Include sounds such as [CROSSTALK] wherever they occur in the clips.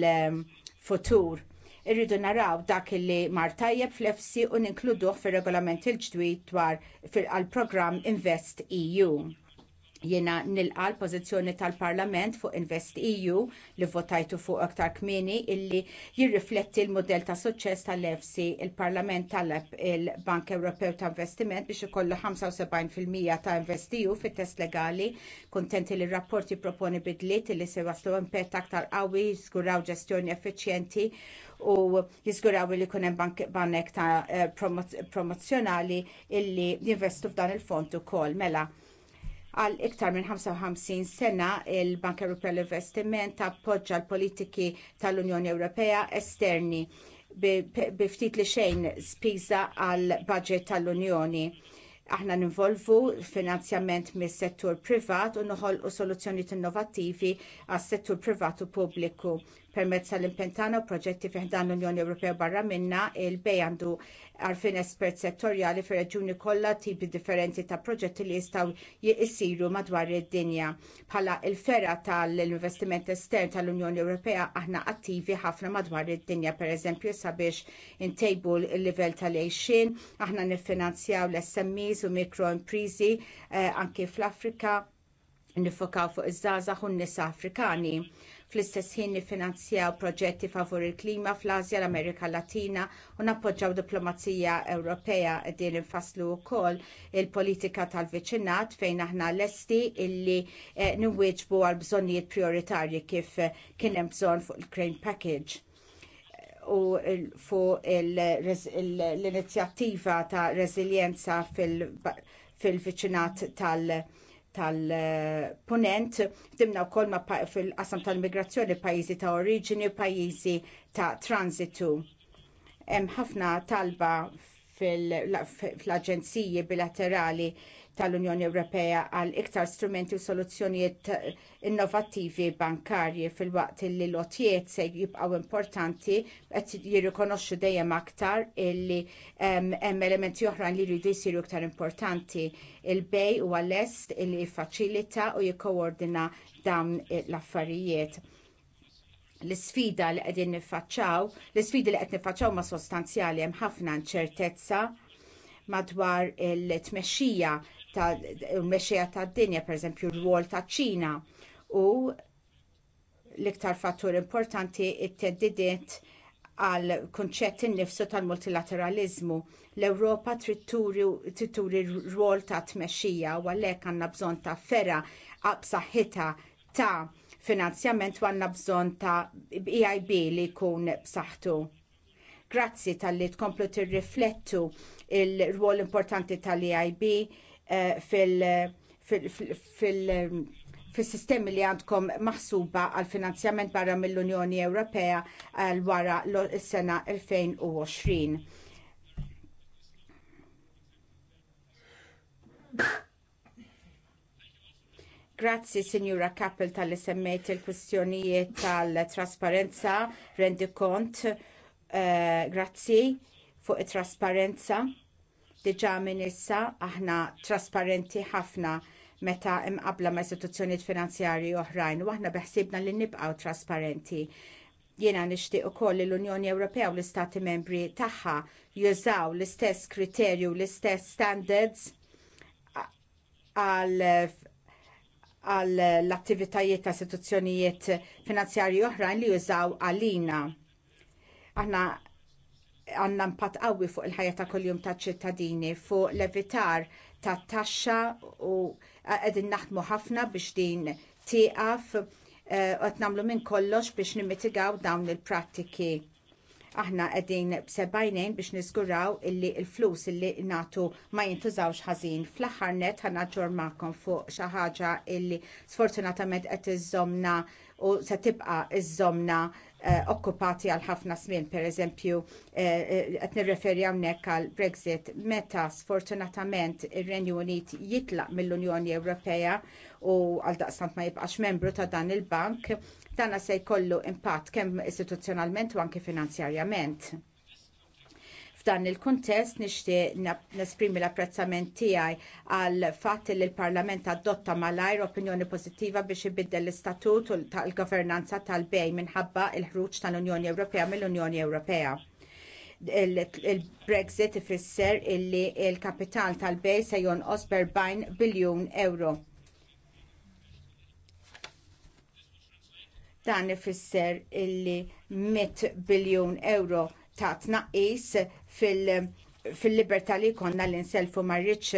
l-futur. Irridu naraw dak li mar tajjeb fl-efsi u ninkluduh fir regolament il-ġdwid dwar fil-programm Invest EU Jiena nilqa l-pożizzjoni tal-Parlament fuq Invest EU li votajtu fuq aktar kmieni illi jirrifletti l-modell ta' suċċess tal-EFSI il-Parlament talab il-Bank Ewropew ta' Investiment biex ikollu 75% ta' Invest EU fit-test legali kuntenti li rapporti proponi bidliet illi se waslu impett aktar qawwi jiżguraw ġestjoni effiċjenti u jiżguraw li jkun hemm banek ta' eh, promozzjonali illi jinvestu f'dan il-fond ukoll mela għal iktar minn 55 sena il-Bank Ewropea l-Investiment appoġġa l-politiki tal-Unjoni Ewropea esterni bi ftit li xejn spiża għal budget tal-Unjoni aħna ninvolvu finanzjament mis settur privat u noħolqu soluzzjonijiet innovattivi għas settur privat u pubbliku permezz tal-impentana u proġetti fiħdan l-Unjoni Ewropea barra minna il-bej għandu għarfin espert settorjali fi reġuni kollha tipi differenti ta' proġetti li jistgħu jisiru madwar id-dinja. Bħala il-fera tal-investiment estern tal-Unjoni Ewropea aħna attivi ħafna madwar id-dinja, pereżempju sabiex intejbu l-livell tal-għejxin, aħna niffinanzjaw l-SMEs u mikroimprizi eh, anki anke fl-Afrika nifokaw fuq iż-żgħażagħ u n-nies Afrikani fl-istess ħin nifinanzjaw proġetti favur il-klima fl-Asja l-Amerika Latina u nappoġġaw diplomazija Ewropea din infaslu wkoll il-politika tal-viċinat fejn aħna lesti illi eh, niwieġbu għal bżonnijiet prioritarji kif eh, kien hemm bżonn fuq il-Crane Package u fuq l-inizjattiva ta' reżiljenza fil-viċinat tal- tal-punent, timna wkoll ma fil-qasam tal-migrazzjoni pajjiżi ta' oriġini, pajjiżi ta' transitu. Hemm ħafna talba fil-aġenziji bilaterali tal-Unjoni Ewropea għal iktar strumenti u soluzzjonijiet innovattivi bankarji fil-waqt li l-otjiet se jibqgħu importanti qed jirrikonoxxu dejjem aktar illi hemm elementi oħrajn li jridu jsiru iktar importanti. Il-bej huwa lest li jiffaċilita u jikkoordina dawn l-affarijiet l isfida li qegħdin niffaċċaw, l isfidi li qed niffaċċaw ma' sostanzjali hemm ħafna inċertezza madwar il-tmexxija ta' mexxejja tad-dinja, pereżempju r-rwol taċ ċina u l-iktar fattur importanti it-teddidiet għal kunċett innifsu tal-multilateraliżmu. L-Ewropa trid turi rwol ta' tmexxija u għalhekk għandna bżonn ta' fera b'saħħitha ta' finanzjament u għandna bżonn ta' EIB li jkun b'saħħtu. Grazzi tal-li tkomplu tirriflettu l rwol importanti tal-EIB Eh, fil- fis-sistemi li għandkom maħsuba għal finanzjament barra mill-Unjoni Ewropea għal eh, wara l-sena 2020. Grazzi, Signora Kappel, tal semmejt il-kwistjonijiet tal-trasparenza, rendi kont, eh, grazzi fuq it-trasparenza. Diġà minn issa aħna trasparenti ħafna meta imqabbla ma' istituzzjonijiet finanzjarji oħrajn u aħna beħsibna li nibqgħu trasparenti. Jiena nixtieq ukoll li l-Unjoni Ewropea u l-Istati Membri tagħha jużaw l-istess kriterju, l-istess standards għall attivitajiet ta' istituzzjonijiet finanzjarji oħrajn li jużaw għalina. Aħna għanna mpat qawwi fuq il-ħajja ta' kuljum taċ ċittadini, fuq l-evitar ta' taxxa u qegħdin naħdmu ħafna biex din tieqaf u eh, qed nagħmlu minn kollox biex nimitigaw dawn il-prattiki. Aħna qegħdin b'sebajnejn biex niżguraw illi l-flus illi nagħtu ma jintużawx ħażin. Fl-aħħar net ħana ġormakom fuq xi ħaġa illi sfortunatament qed iżomna u se tibqa iżomna Eh, okkupati għal ħafna smin, pereżempju eh, eh, qed nirreferi hawnhekk għal Brexit, meta sfortunatament ir-Renju Unit jitlaq mill-Unjoni Ewropea u għaldaqstant ma jibqax membru ta' dan il-bank, dana se jkollu impatt kemm istituzzjonalment u anke finanzjarjament F'dan il-kuntest nixtieq nesprimi l-apprezzament tiegħi għal fatt li l-Parlament adotta malajr opinjoni pożittiva biex ibiddel l-istatut tal-governanza tal-bej minħabba l ħruġ tal-Unjoni Ewropea mill-Unjoni Ewropea il-Brexit ifisser illi l il kapital tal-bej se jonqos 40 biljun euro. Dan ifisser illi 100 biljun euro ta' tnaqqis fil-libertà li jkollna li nselfu marriċ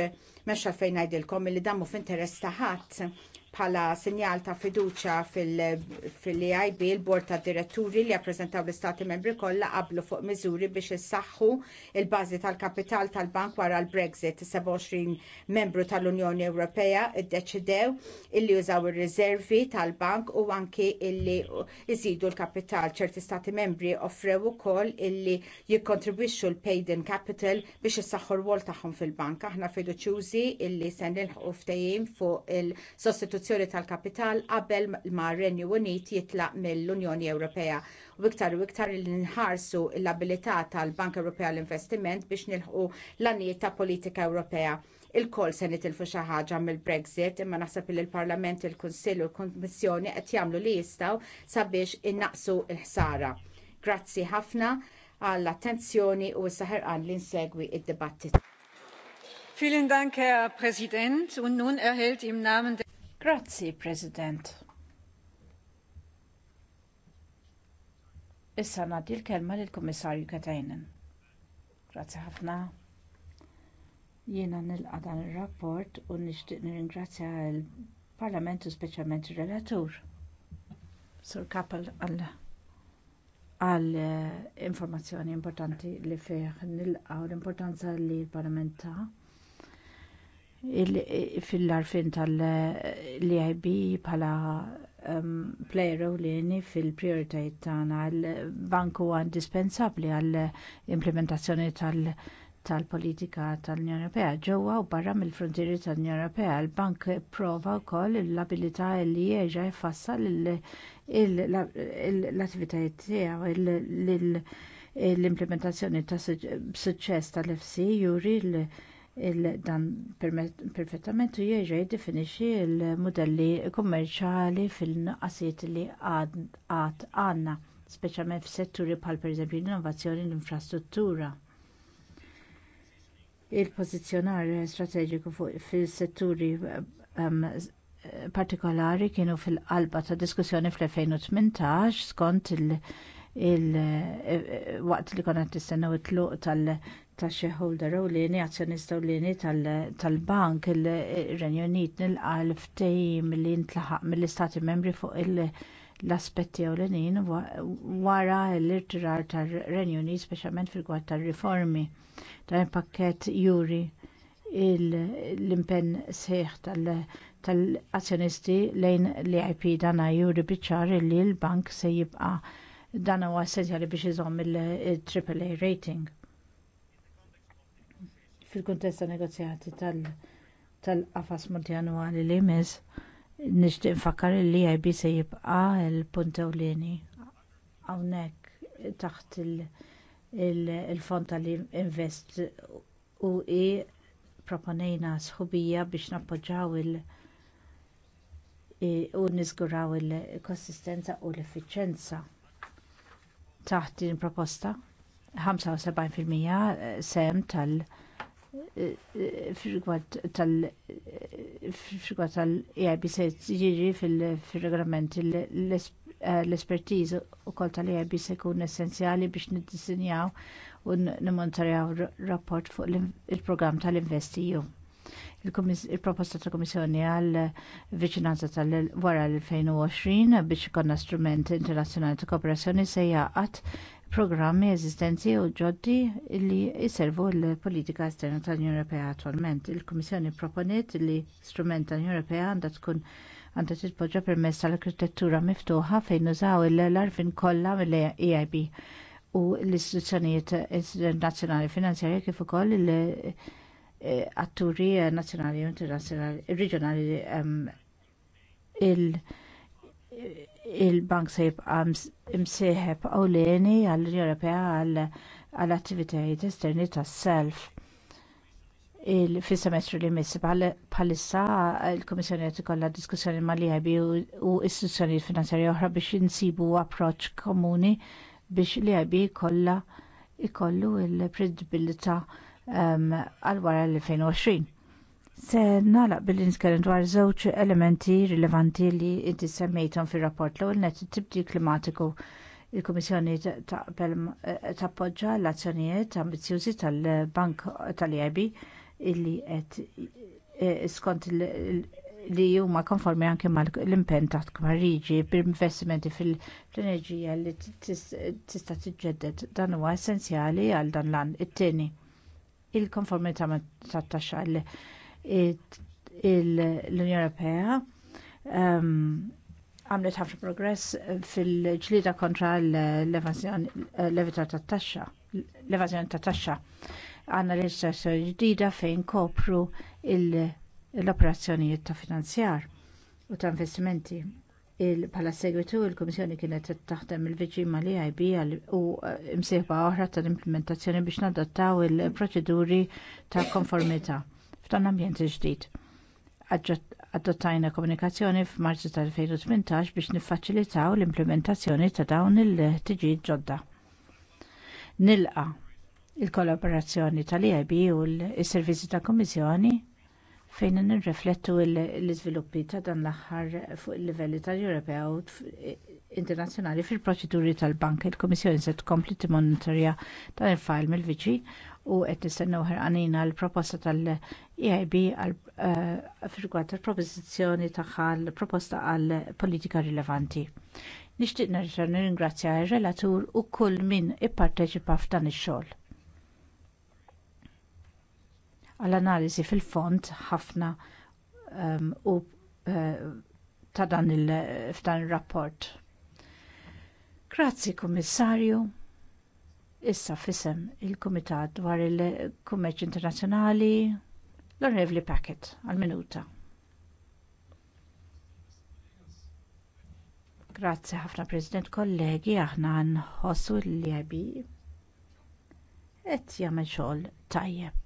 meċa fejn ngħidilkom li dan f'interess ta' ħadd bħala sinjal ta' fiduċja fil-EIB il-Bord tad Diretturi li jappreżentaw l-Istati Membri kollha qablu fuq miżuri biex issaħħu il-bażi tal-kapital tal-bank wara l-Brexit. 27 membru tal-Unjoni Ewropea iddeċidew illi jużaw ir-riservi tal-bank u anki illi jżidu l-kapital. ċerti Stati Membri offrew ukoll illi jikkontribwixxu l-paid-in capital biex issaħħu l wol tagħhom fil-bank. Aħna fiduċjużi illi se nilħqu ftehim fuq il-sostituzzjoni sostituzzjoni tal-kapital qabel ma r-Renju Unit jitlaq mill-Unjoni Ewropea u iktar u iktar li nħarsu l-abilità tal-Bank Ewropea l-Investiment biex nilħqu l-għanijiet ta' politika Ewropea. Il-kol se nitilfu xi ħaġa mill-Brexit imma naħseb li l-Parlament, il-Kunsill u l-Kummissjoni qed jagħmlu li jistgħu sabiex innaqsu l-ħsara. Grazzi ħafna għall-attenzjoni u s-saħerqan li nsegwi id-dibattit. Vielen Dank, Herr Präsident. Und nun erhält im Namen der Grazzi, President. Issa nagħti l-kelma lill-Kummissarju Katainen. Grazzi ħafna. Jiena nilqa dan ir-rapport u nixtieq nirringrazzja l-Parlament u speċjalment ir-relatur. Sur Kapel għal għal eh, informazzjoni importanti li fih nilqa u l-importanza li l-Parlament ta' fil-arfin tal-EIB bħala um, plejer ewlieni fil-prioritajiet tagħna l-bank huwa indispensabbli għall-implementazzjoni tal-politika tal-Unjoni Ewropea ġewwa u barra mill-frontieri tal-Unjoni Ewropea. Il-bank prova wkoll l-abilità li jeġa jfassal l-attivitajiet tiegħu l-implementazzjoni ta' suċċess tal-FC juri l- dan perfettament u jerġa' jiddefinixxi l-mudelli kommerċali fil-nuqqasijiet li għad għandna speċjalment f'setturi bħal pereżempju l-innovazzjoni l-infrastruttura il-pożizzjonar strateġiku fis-setturi ehm, partikolari kienu fil-qalba ta' diskussjoni fl-2018 skont il- waqt li konna t-istennaw it-tluq ta' shareholder ewlieni azzjonista ewlieni tal-bank il-Renju Unit nilqa l-ftehim li ntlaħaq mill-Istati Membri fuq l-aspetti ewlenin wara l-irtirar tar-Renju Unit speċjalment fil-gwad tar-riformi dan pakkett juri l-impenn sħiħ tal-azzjonisti lejn l-IP dana juri biċar li l-bank se jibqa dana huwa essenzjali biex iżomm il-AAA rating fil kontesta negozjati tal-qafas multianwali li jmiss nixtieq nfakkar li l-eib se jibqa' l-punt ewlieni hawnhekk taħt il-fond tal-invest u i proponejna sħubija biex nappoġġjaw il- u niżguraw il-konsistenza u l-effiċenza taħt din proposta 75% eh, sem tal- fil-rigward tal-EIB se fil-regolament l eh, u kol tal-EIB se jkun essenzjali biex niddisinjaw u n-monitorjaw rapport fuq il-programm tal-investiju. Il-proposta ta' komissjoni għal viċinanza tal-wara l-2020 biex ikonna strument internazzjonali ta' kooperazzjoni se jaqat programmi eżistenti u ġoddi li jservu l-politika esterna tal-Unjoni Ewropea attwalment. Il-Kummissjoni proponiet li strument tal-Unjoni Ewropea għandha tkun għandha titpoġġa permess tal-arkitettura miftuħa fejn użaw l-arfin kollha mill-EIB u l-istituzzjonijiet nazzjonali finanzjarji kif ukoll il- e, atturi nazzjonali u internazzjonali, reġjonali il- il-bank se jibqa' imsieħeb ewlieni għall-Unjoni Ewropea għall attivitajiet esterni tas-self. Fis-semestru li jmiss bħalissa l-Kummissjoni qed ikollha diskussjoni mal-IB u istituzzjonijiet finanzjarja oħra biex insibu approċċ komuni biex l-IB kollha ikollu l-predibilità ehm, għal wara l-2020 Se nalaq billi nitkellem dwar żewġ elementi rilevanti li inti semmejthom fir-rapport l-ewwel net tibdi klimatiku. Il-Kummissjoni eh, tappoġġa l-azzjonijiet ambizjużi tal-Bank tal-EIB illi qed eh, skont li huma konformi anke mal-impenn ta' Pariġi b'investimenti fil-enerġija li tista' tiġġedded dan huwa essenzjali għal dan l-an. It-tieni il-konformità tat-taxxa l-Unjoni Ewropea um, għamlet ħafna progress fil-ġlida kontra l-evazjoni ta' taxxa. L-evazjoni taxxa ġdida fejn kopru l-operazzjonijiet ta' finanzjar u ta' investimenti. Pala segwitu il-Komissjoni kienet taħdem il-Viġi ma li IB u uh, imsieħba oħra tal-implementazzjoni biex nadattaw il-proċeduri ta' konformità f'dan l-ambjent ġdid Adottajna komunikazzjoni f'Marzu tal-2018 biex niffaċilitaw l-implementazzjoni ta' dawn il-ħtiġijiet ġodda. Nilqa il-kollaborazzjoni tal-EIB u l-Servizzi ta' Kommissjoni fejn nirriflettu l-iżviluppi ta' dan l-aħħar fuq il-livelli tal-Ewropea u internazzjonali fil-proċeduri tal-bank. Il-Komissjoni se tkompli timonitorja dan il-fajl mill-viċin u qed nistennew ħerqanin għall proposta tal-EIB għal eh, rigward tal-propożizzjoni tagħha l-proposta għal politika rilevanti. Nixtieq nerġa' nirringrazzja r-relatur u kull min ipparteċipa f'dan ix-xogħol. Għall-analiżi fil-fond ħafna ehm, u eh, ta' dan il-rapport. Grazzi, Kummissarju. Issa fisem il-Kumitat dwar il-Kummerċ Internazzjonali l-Onorevli Packet għal-minuta. Grazzi ħafna President kollegi aħna nħossu l-lebi qed jagħmel xogħol tajjeb.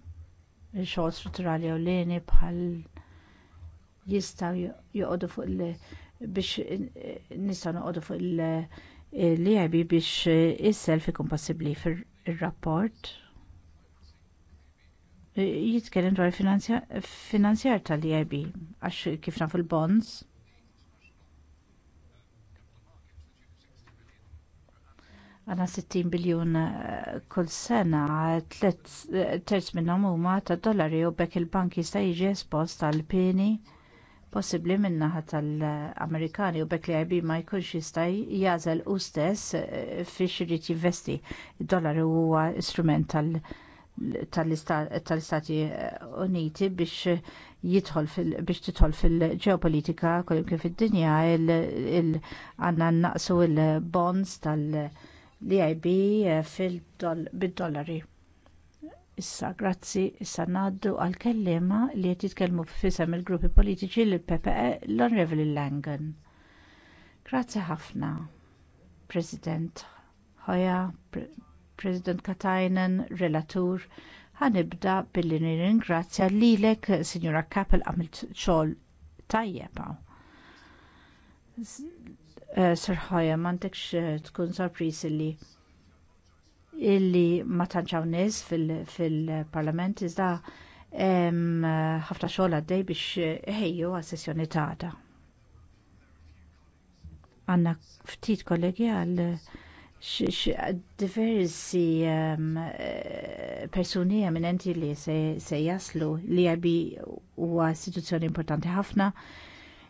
Il-xogħol strutturali u l ewlieni bħal jistaw joqodu fuq il- biex nistaw noqodu fuq il- li għabi biex eh, is-self ikun possibbli fir-rapport eh, jitkellem dwar finanzjar tal-EIB għax kif nafu l-bonds. Għana 60 biljun eh, kull sena, terz minnhom huma ta' dollari u bekk il-bank jista' jiġi espost għal pieni possibbli min-naħa tal-Amerikani u bekk li IB ma jkunx jista' jażel hu stess eh, fi xiriet jinvesti. id dollari huwa istrument tal-Istati eh, Uniti biex jidħol biex tidħol fil-ġeopolitika kollim kif id-dinja għandna naqsu l bonds tal-EIB eh, fil-dollari. Issa, grazzi, issa ngħaddu għal kelliema li qed jitkellmu f'isem il-gruppi politiċi lill PPE l-Onrevoli Langen. Grazzi ħafna, President Hoja, President Katajnen, Relatur, ħanibda billi nirringrazzja lilek, Sinjura Kappel, għamilt xogħol tajjeb eh, Sir Hoya, m'għandekx eh, tkun sorpris li illi ma tanċaw nis fil-parlament fil iżda ħafna xogħol għaddej biex ħejju għas sessjoni tagħda. Għanna ftit kollegi għal diversi persuni eminenti li se jaslu li għabi huwa istituzzjoni importanti ħafna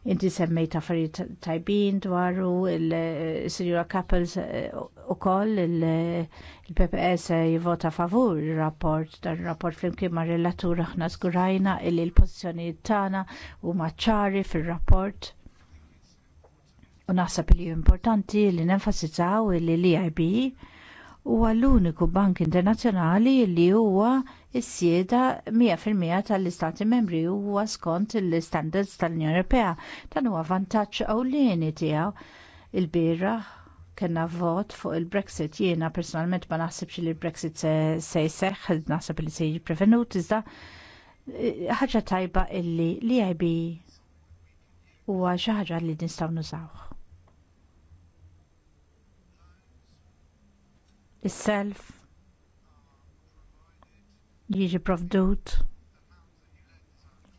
Inti semmejt affarijiet tajbin dwaru il-Sinjura eh, Kappels eh, u koll il-PPS eh, jivota favur il-rapport dan il-rapport flimkien ma' relatur aħna zgurajna il-pozizjoni tagħna u maċċari fil-rapport. U naħseb li importanti li nenfasizzaw li l u huwa l-uniku bank internazzjonali li huwa is-sieda 100% tal-istati membri huwa skont l-istandards tal-Unjoni Ewropea. Dan huwa vantaġġ ewlieni tiegħu il-bira kena vot fuq il-Brexit. Jiena personalment ma naħsibx li l-Brexit se jseħħ, naħseb li se prevenut iżda eh, ħaġa tajba illi li għajbi huwa xi ħaġa li nistgħu nużaw. Is-self jiġi provdut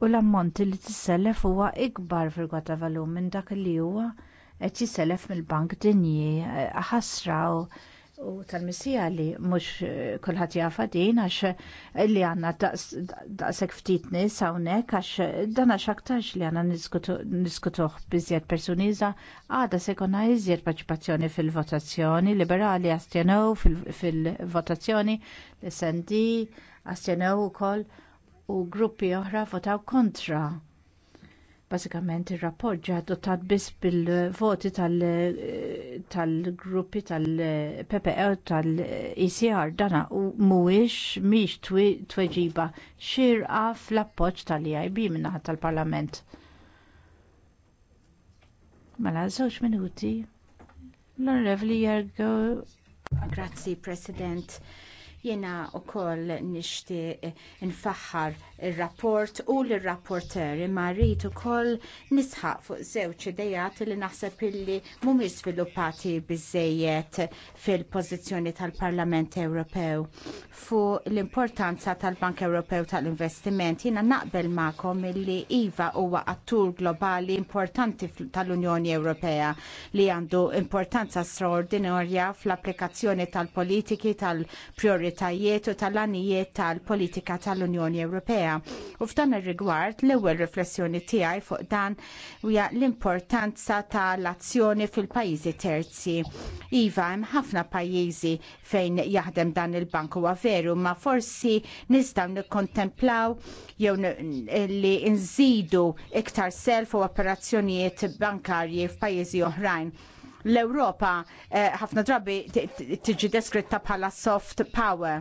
u l ammonti li tissellef huwa ikbar fil ta' valur minn dak li huwa qed jisselef mill-Bank Dinji eh, ħasra u tal-missija li mhux eh, kulħadd jafa din għax eh, li għandna daqshekk ftit nies hawnhekk għax dan għax aktarx li għandna niskutuh biżjed persuni iżda għadha se jkollna iżjed paċipazzjoni fil-votazzjoni liberali astjenew fil-votazzjoni l-SND astjenew ukoll u gruppi oħra votaw kontra. Basikament ir-rapport ġie adottat biss bil-voti tal-gruppi tal-PPE u tal-ECR dana u mhuwiex mhix tweġiba xirqa fl-appoġġ tal-EIB min-naħa tal-Parlament. Mela żewġ minuti. L-Onorevoli Jergo. Grazzi, President Jena u koll nishti nfaxħar il-rapport u l-rapporter imma rrit u koll nisħaq fuq zewċ idejat li naħseb illi mhumiex sviluppati bizzejiet fil-pozizjoni tal-Parlament Ewropew fuq l-importanza tal-Bank Ewropew tal-Investiment. Jena naqbel ma'kom illi IVA huwa attur globali importanti tal-Unjoni Ewropea li għandu importanza straordinarja fl-applikazzjoni tal-politiki tal priorit tal u tal għanijiet tal-politika tal-Unjoni Ewropea. U f'dan ir-rigward l-ewwel riflessjoni tiegħi fuq dan huwa l-importanza tal-azzjoni fil-pajjiżi terzi. Iva hemm ħafna pajjiżi fejn jaħdem dan il-bank huwa veru, ma forsi nistgħu nikkontemplaw jew li nżidu iktar self u operazzjonijiet bankarji f'pajjiżi oħrajn l-Ewropa eh, ħafna drabi tiġi deskritta bħala soft power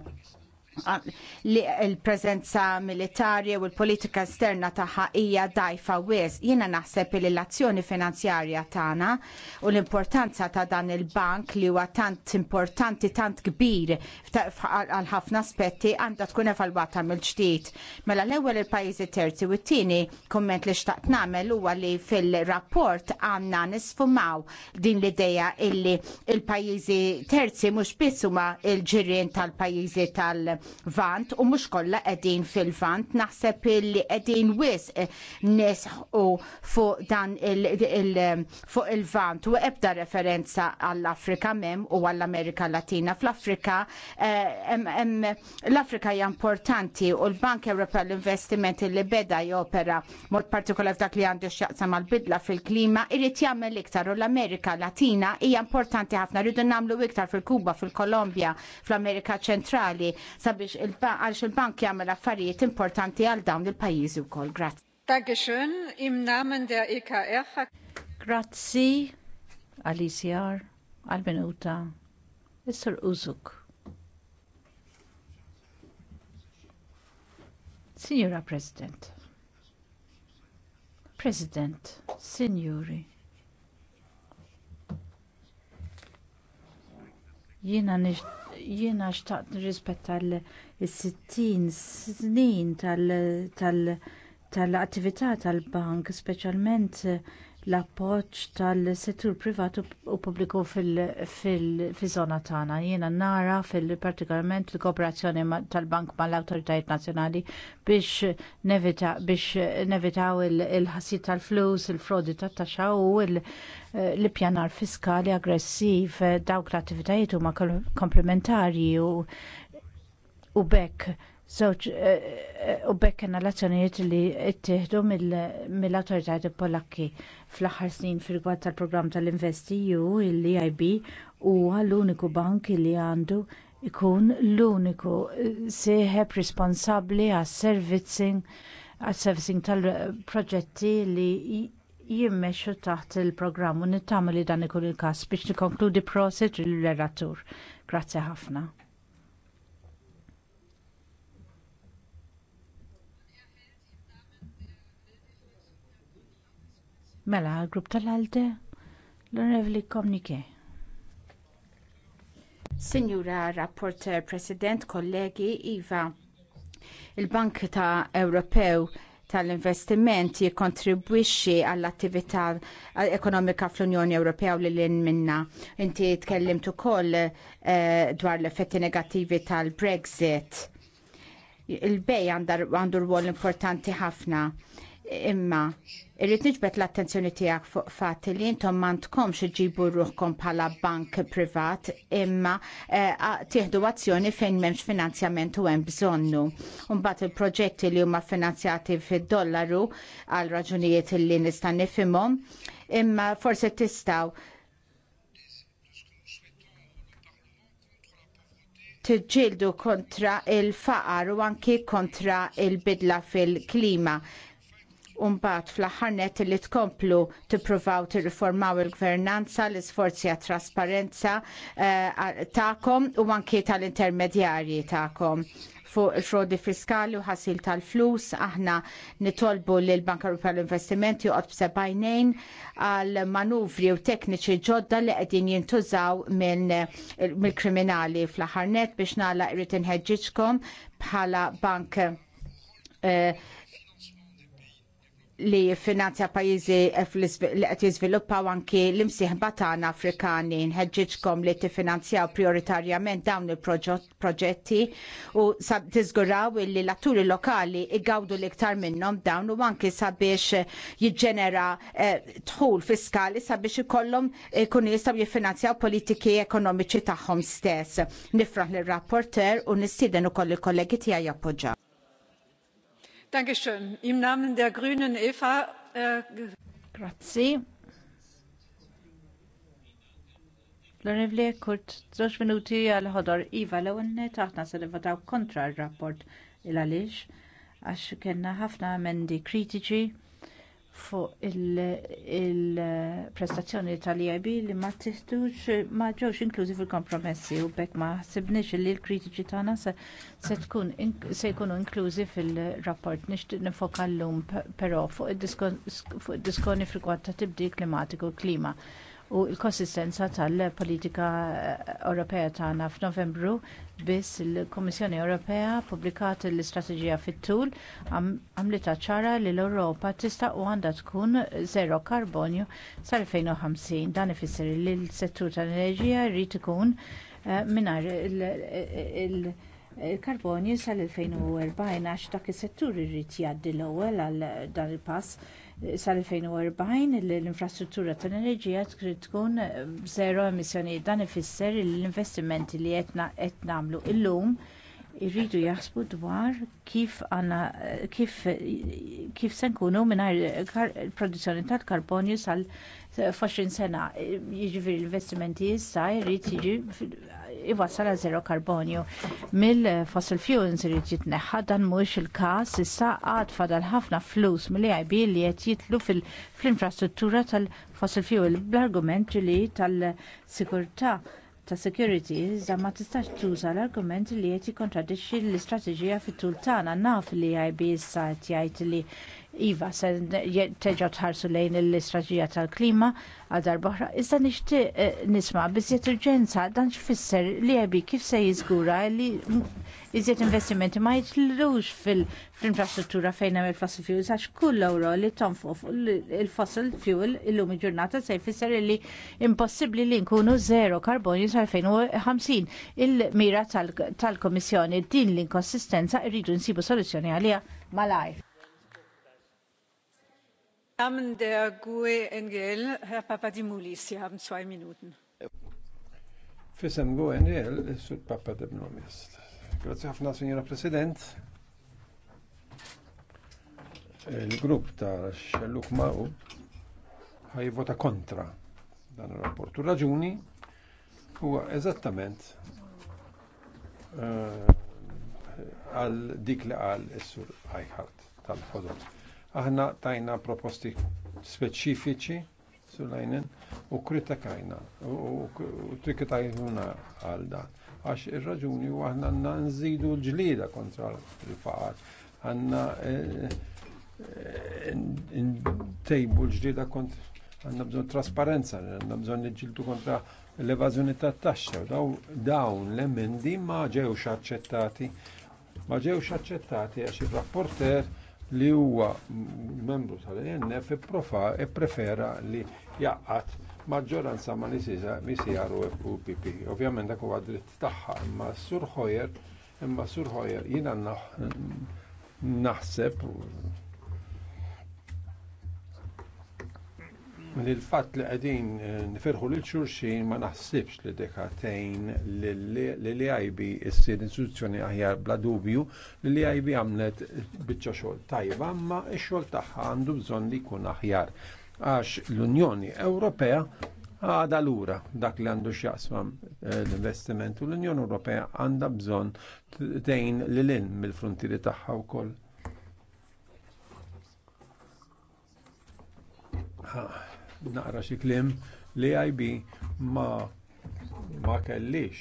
li l prezenza militari u l-politika esterna tagħha hija dajfa wis. Jiena naħseb li l-azzjoni finanzjarja tagħna u l-importanza ta' dan il-bank li huwa tant importanti, tant kbir għal ħafna aspetti għandha tkun evalwata mill-ġdid. Mela l-ewwel il-pajjiżi terzi u t-tieni kumment li xtaqt nagħmel huwa li fil-rapport għandna nisfumaw din l-idea illi il-pajjiżi terzi mhux biss huma l ġirien tal-pajjiżi tal-, -pajjiżi tal vant u mhux kollha qegħdin fil-vant naħseb li qegħdin wis eh, nisħu fuq dan fuq il-vant u ebda referenza għall-Afrika mem u għall-Amerika Latina. Fl-Afrika eh, l-Afrika hija importanti u l-Bank Ewropea l-Investimenti li beda jopera mod partikolar f'dak li għandu x'jaqsam għall bidla fil-klima irrid jagħmel iktar u l-Amerika Latina hija importanti ħafna rridu nagħmlu iktar fil-Kuba, fil-Kolombja, fl-Amerika Ċentrali sabiex għalx il-bank jagħmel affarijiet importanti għal dawn il-pajjiżi wkoll. Grazzi. Dankeschön, im Namen der EKR. Grazzi, Alisjar għal benuta Mr. Uzuk. Signora President. President, Signori. jiena xtaqt nirrispetta l-60 snin tal-attività tal-bank speċjalment l-appoġġ tal-settur privat u pubbliku fiż-żona tagħna. Jiena nara fil-partikolarment il-kooperazzjoni tal-bank mal-awtoritajiet nazzjonali biex biex nevitaw il ħassib tal-flus, il-frodi tat-taxxa u l-ippjanar fiskali aggressiv dawk l-attivitajiet huma komplementari u bekk Żewġ eh, eh, u bekkena l-azzjonijiet li ttieħdu mill il Polakki fl-aħħar snin fil-gwad tal-programm tal ju il-EIB huwa l-uniku bank li għandu ikun l-uniku eh, seħeb responsabbli għas-servicing għas-servicing tal-proġetti li jimmexxu taħt il program u nittama li dan ikun il-każ biex nikkonkludi prosit l-relatur. Grazzi ħafna. Mela, grupp tal alte l-Onorevoli Komnike. Signora Rapporter President, kollegi, Iva, il-Bank ta' Ewropew tal-investiment jikkontribwixxi għall-attività ekonomika fl-Unjoni Ewropea u l-in minna. Inti tkellimt ukoll eh, dwar l-effetti negattivi tal-Brexit. Il-bej għandu rwol importanti ħafna imma irrid niġbed l-attenzjoni tiegħek fuq fatt li intom mantkom iġibu ruħkom bħala bank privat imma eh, tieħdu azzjoni fejn m'hemmx finanzjament u hemm bżonnu. Mbagħad il-proġetti li huma finanzjati fid-dollaru għal raġunijiet li nista' nifhimhom imma forsi tistgħu tiġġieldu kontra il-faqar u anki kontra il-bidla fil-klima Umbat fl-aħħar net li tkomplu tippruvaw tirriformaw il-gvernanza, l-isforzi għat trasparenza eh, tagħkom u anki tal-intermedjarji tagħkom fuq il-frodi fiskali u ħasil tal-flus, aħna nitolbu li l-Banka Europea l-Investimenti juqgħod b'sebajnejn għal manuvri u tekniċi ġodda li qegħdin jintużaw eh, mill-kriminali fl-aħħar biex nala irid inħeġġiġkom bħala bank eh, li finanzja pajjiżi eh, li qed jiżviluppaw anki l imsieħ batan Afrikani nħeġġiġkom li tiffinanzjaw prioritarjament dawn il-proġetti u tiżguraw li l-atturi lokali igawdu l-iktar minnhom dawn u anki sabiex jiġġenera eh, dħul fiskali sabiex ikollhom eh, ikun jistgħu jiffinanzjaw politiki ekonomiċi tagħhom stess. Nifraħ lir rapporter u nistieden ukoll il-kollegi tiegħi jappoġġaw. Äh, L-onorevli Kurt, żewġ minuti għal-ħodor Iva l ewwel aħna se votaw kontra r rapport il għaliex għax kellna ħafna emendi kritiċi fuq il-prestazzjoni tal-EIB li ma tiħtux ma ġewx inklużi fil-kompromessi u bekk ma ħsibniex li l-kritiċi tagħna se tkun se jkunu inklużi fil-rapport nixtieq nifoka llum però fuq id-diskoni frigwat ta' tibdil klimatiku klima u l-konsistenza tal-politika Ewropea tagħna f'Novembru biss il-Kummissjoni Ewropea ppubblikat l-istrateġija fit-tul għamlita ċara li l-Ewropa tista' u għandha tkun żero karbonju sal-2050. Dan ifisser li l-settur tal-enerġija jrid ikun eh, mingħajr il- Il-karboni karbonju sal-2040 għax dak is-settur irid jgħaddi l-ewwel għal dan il-pass sal-2040 l-infrastruttura tal-enerġija trid tkun b'żero emissjonijiet dan ifisser li l-investimenti li qed nagħmlu llum irridu jaħsbu dwar kif għana kif kif se nkunu mingħajr produzzjoni tal-karbonju sal 20 sena. Jiġifieri l-investimenti issa jrid jiġi iwassal għal zero karbonju. Mill-fossil fuels irid jitneħħa dan mhux il-każ issa għad fadal ħafna flus mill għajbi li qed jitlu fil-infrastruttura tal-fossil fuel bl-argument li tal-sigurtà. tal sigurtà ta' security iżda ma tistax tuża l-argument li qed jikkontradixxi l-istrateġija fit-tul tagħna naf li eib issa qed jgħid li Iva, se teġa tħarsu lejn l-istraġija tal-klima għal boħra, iżda nixti eh, nisma biżiet urġenza dan xfisser li għabi kif se jizgura li iżiet investimenti ma jitlux fil-infrastruttura fejn hemm il-fossil fuel, għax kull euro li tonfu il-fossil fuel illum il-ġurnata se jfisser li impossibbli li nkunu zero karbonju sa' 2050. Il-mira tal-Komissjoni din l-inkonsistenza irridu nsibu soluzzjoni għalija malajr. Namen e e Grazie Signora President. Il-grupp ta' Xelluk ħaj vota kontra dan il rapportu Raġuni huwa eżattament eh, għal dik li għal is-sur Eichhardt tal-ħodot Aħna tajna proposti speċifiċi sulajnen u kritikajna u trikitajna għal dan. Għax ir-raġuni u aħna għanna nżidu l-ġlida kontra l faqat Għanna e, e, ntejbu l-ġlida kontra għanna bżon trasparenza, għanna bżon nġildu kontra l-evazjoni ta' taxxa. Dawn l-emendi ma ġewx aċċettati. Ma ġewx accettati għax il-rapporter li huwa membru tal-INF e prefera li jaqqat maġġoranza ma nisijaru FUPP. E Ovvjament dak huwa dritt tagħha, imma Sur Hoyer imma Sur Hoyer jiena naħseb il fatt li qegħdin eh, nifirħu lil xulxin ma naħsibx li dekatejn li għajbi s-sid instituzjoni aħjar bla dubju li li għajbi għamlet biċċa xogħol tajba imma x-xogħol tagħha għandu bżonn li jkun aħjar għax l-Unjoni Ewropea għada lura dak li għandu xjaqsmam eh, l-investiment u l-Unjoni Ewropea għandha bżonn li lil in mill-frontieri tagħha wkoll. Ah naqra xi kliem li IB ma ma kellix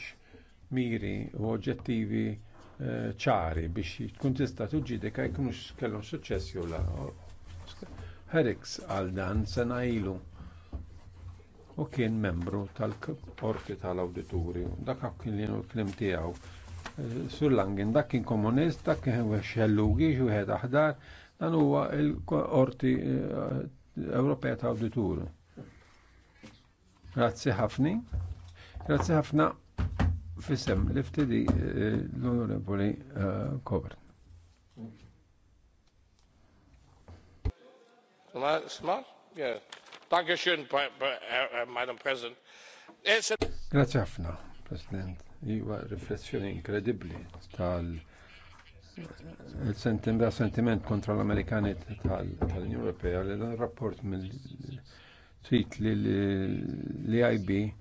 miri u oġġettivi eh, ċari biex tkun tista' tuġġidika mhux kellhom suċċess jew la. Herix għal dan se ilu u kien membru tal-orti tal-awdituri. Dak kien li l-klim tiegħu. Eh, Sur dak kien komunist, dak kien xellugi, xi wieħed aħdar, dan huwa l-orti eh, Ewropea ta' Awditur. Grazzi ħafni. Grazzi ħafna fissem li ftidi eh, l-Onorevoli Kovern. Smart? Grazie ħafna, President. Iwa riflessjoni inkredibli tal- il-sentiment sentiment kontra l-Amerikani tal-Unjoni Ewropea li dan rapport mill trit li l-IB eh,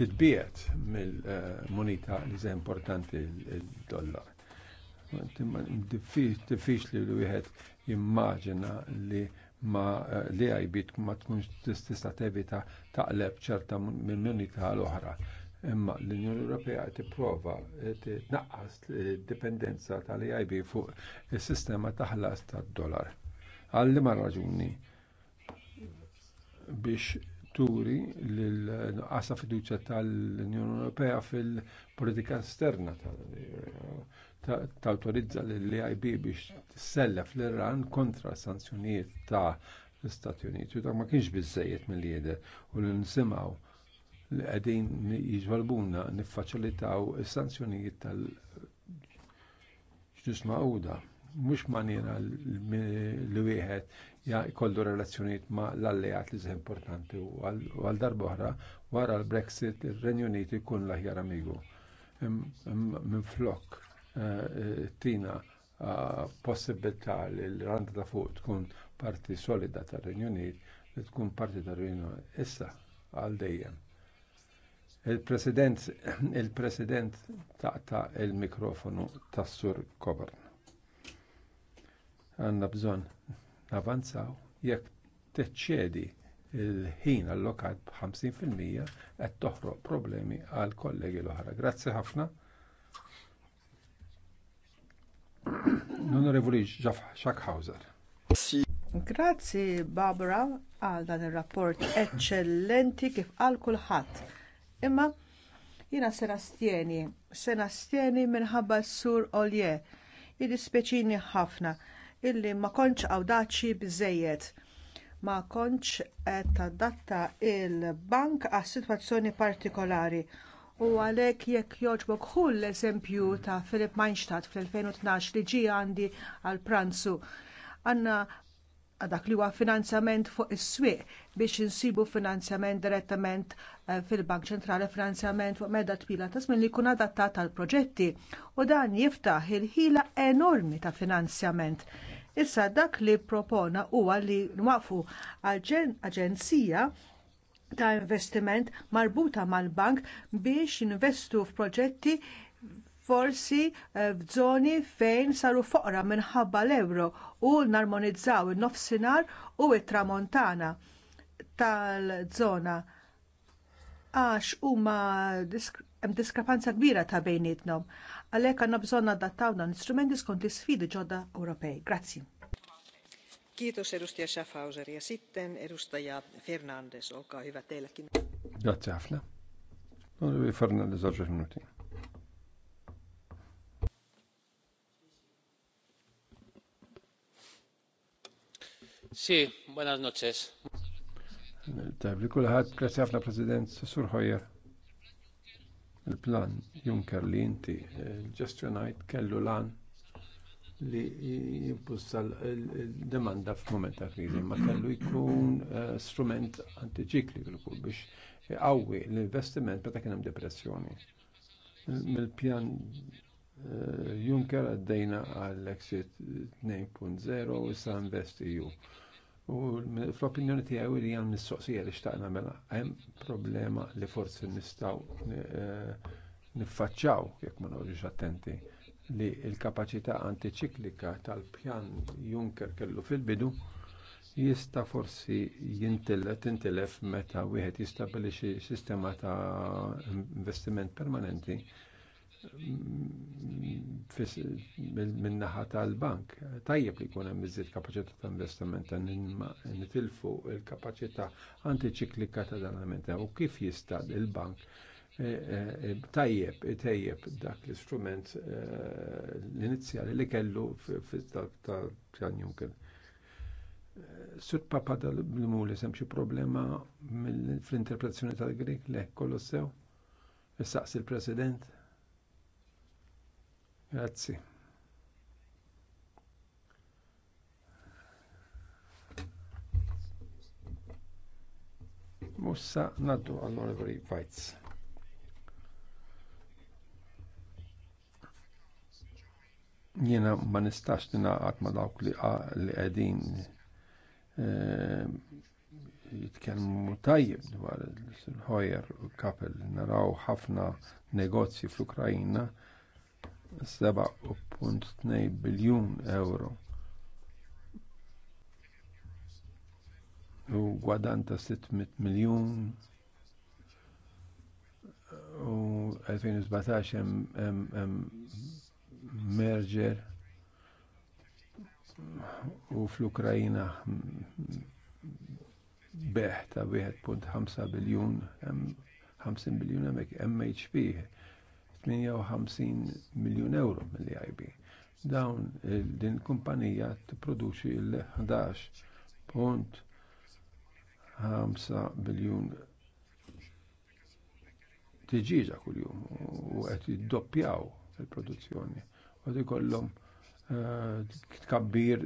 titbiet mill-monita eh, li se importanti l dollar Diffiċ li l-wieħed jimmaġina li ma eh, li għajbit ma tkunx tista' tevita taqleb ċerta minn minni l-oħra. Imma l-Unjoni Ewropea qed tipprova tnaqqas id-dipendenza tal-EIB fuq is-sistema ta' ħlas tad dollar Għal liema raġuni biex turi l-qasa fiduċja tal-Unjoni Ewropea fil-politika esterna tal tawtorizza l-EIB biex tissellef l-Iran kontra sanzjonijiet ta' l-Istati Uniti. Dak ma kienx biżżejjed mill-lieder u l-nsimgħu li qegħdin jizvalbuna niffaċilitaw is-sanzjonijiet tal ġnus mawda mhux maniera li wieħed ja jkollu relazzjonijiet ma' l-alleat li se importanti u għal darbohra wara l-Brexit ir-Renju Uniti ikun l-aħjar amigu. Minn flok eh, eh, tina possibilità li l-randa ta' fuq tkun parti solida tar-Renju Unit li tkun parti tar-Renju Issa għal dejjem Il-President [CLEARS THROAT] il-President taqta' il-mikrofonu tas-Sur Coburn. Għanna bżonn navanzaw jekk teċċedi il-ħin allokat b'50% qed toħroq problemi għal kollegi l-oħra. Grazzi ħafna. Nonorevoli [CLEARS THROAT] Schackhauser. Grazzi Barbara għal dan ir-rapport eċċellenti kif għal kulħadd Imma jiena se nastieni, se nastieni minħabba s-sur Olje. Jidispeċini ħafna illi ma kontx awdaċi biżżejjed ma kontx qed adatta l bank għas sitwazzjoni partikolari u għalhekk jekk jogħġbok ħull l-eżempju ta' Filip Meinstadt fl-2012 li ġie għandi għall pranzu. Għanna dak li huwa finanzjament fuq is-swieq biex insibu finanzjament direttament eh, fil-Bank Ċentrali finanzjament fuq medda twila ta' li jkun adattat għal proġetti u dan jiftaħ il-ħila enormi ta' finanzjament. Issa dak li propona huwa li nwaqfu aġenzija ta' investiment marbuta mal-bank biex investu f'proġetti forsi eh, f'żoni fejn saru foqra minħabba l ewro u narmonizzaw in-nofsinhar u t tramuntana tal-żona għax huma hemm diskrepanza kbira ta' bejnietnom. Għalhekk għandna bżonn adattaw dan l-istrumenti skont is-sfidi ġodda Ewropej. Grazzi. Kiitos edustaja Schaffhauser ja sitten edustaja Fernandes, olkaa hyvä teilläkin. Grazie ħafna. Fernandes, minuti. Si, buenas noches. Tajb li kulħadd grazzi ħafna President Sur Hoyer. Il-plan Juncker li inti eh, ġestjonajt kellu lan li jimpussa l-demanda f'moment ta' krizi, ma kellu jkun eh, strument l-kull biex jqawwi l-investiment meta kien hemm depressjoni. Mill-pjan eh, Juncker għaddejna għall-Exit 2.0 u sa' investi ju. E U fl-opinjoni tiegħi li għan mistoqsija li xtaqna mela, hemm problema li forsi nistgħu eh, niffaċċaw jekk ma noqgħux attenti li l-kapaċità antiċiklika tal-pjan Juncker kellu fil-bidu jista forsi tintilef meta wieħed jistabilixi sistema ta' investiment permanenti minnaħa tal-bank. Tajjeb li jkun hemm iżid kapaċità ta' investiment ta' nitilfu il-kapaċità antiċiklika ta' dan element u kif jista' il-bank e, e, e, tajjeb tajjeb dak l-istrument l-inizjali li kellu tal-Jan Juncker. Sut papa dal-muli semxie problema fl-interpretazzjoni tal grik le sew, Saqs il-President? Grazie. Mussa naddu għall-Onorevoli Vajts. Jena ma nistax ninaqat għatma dawk li qegħdin eh, jitkellmu tajjeb dwar il-ħojer kapel naraw ħafna negozji fl ukrajina 7.2 biljun euro. U gwadan 600 miljun u 2017 merger u fl-Ukrajina beħta 1.5 biljun 50 biljun MHP 58 miljun euro mill-IB. Dawn eh, din kumpanija tipproduċi l-11.5 biljun tiġiġa kuljum u qed jiddoppjaw il-produzzjoni. U ikollhom eh, tkabbir eh,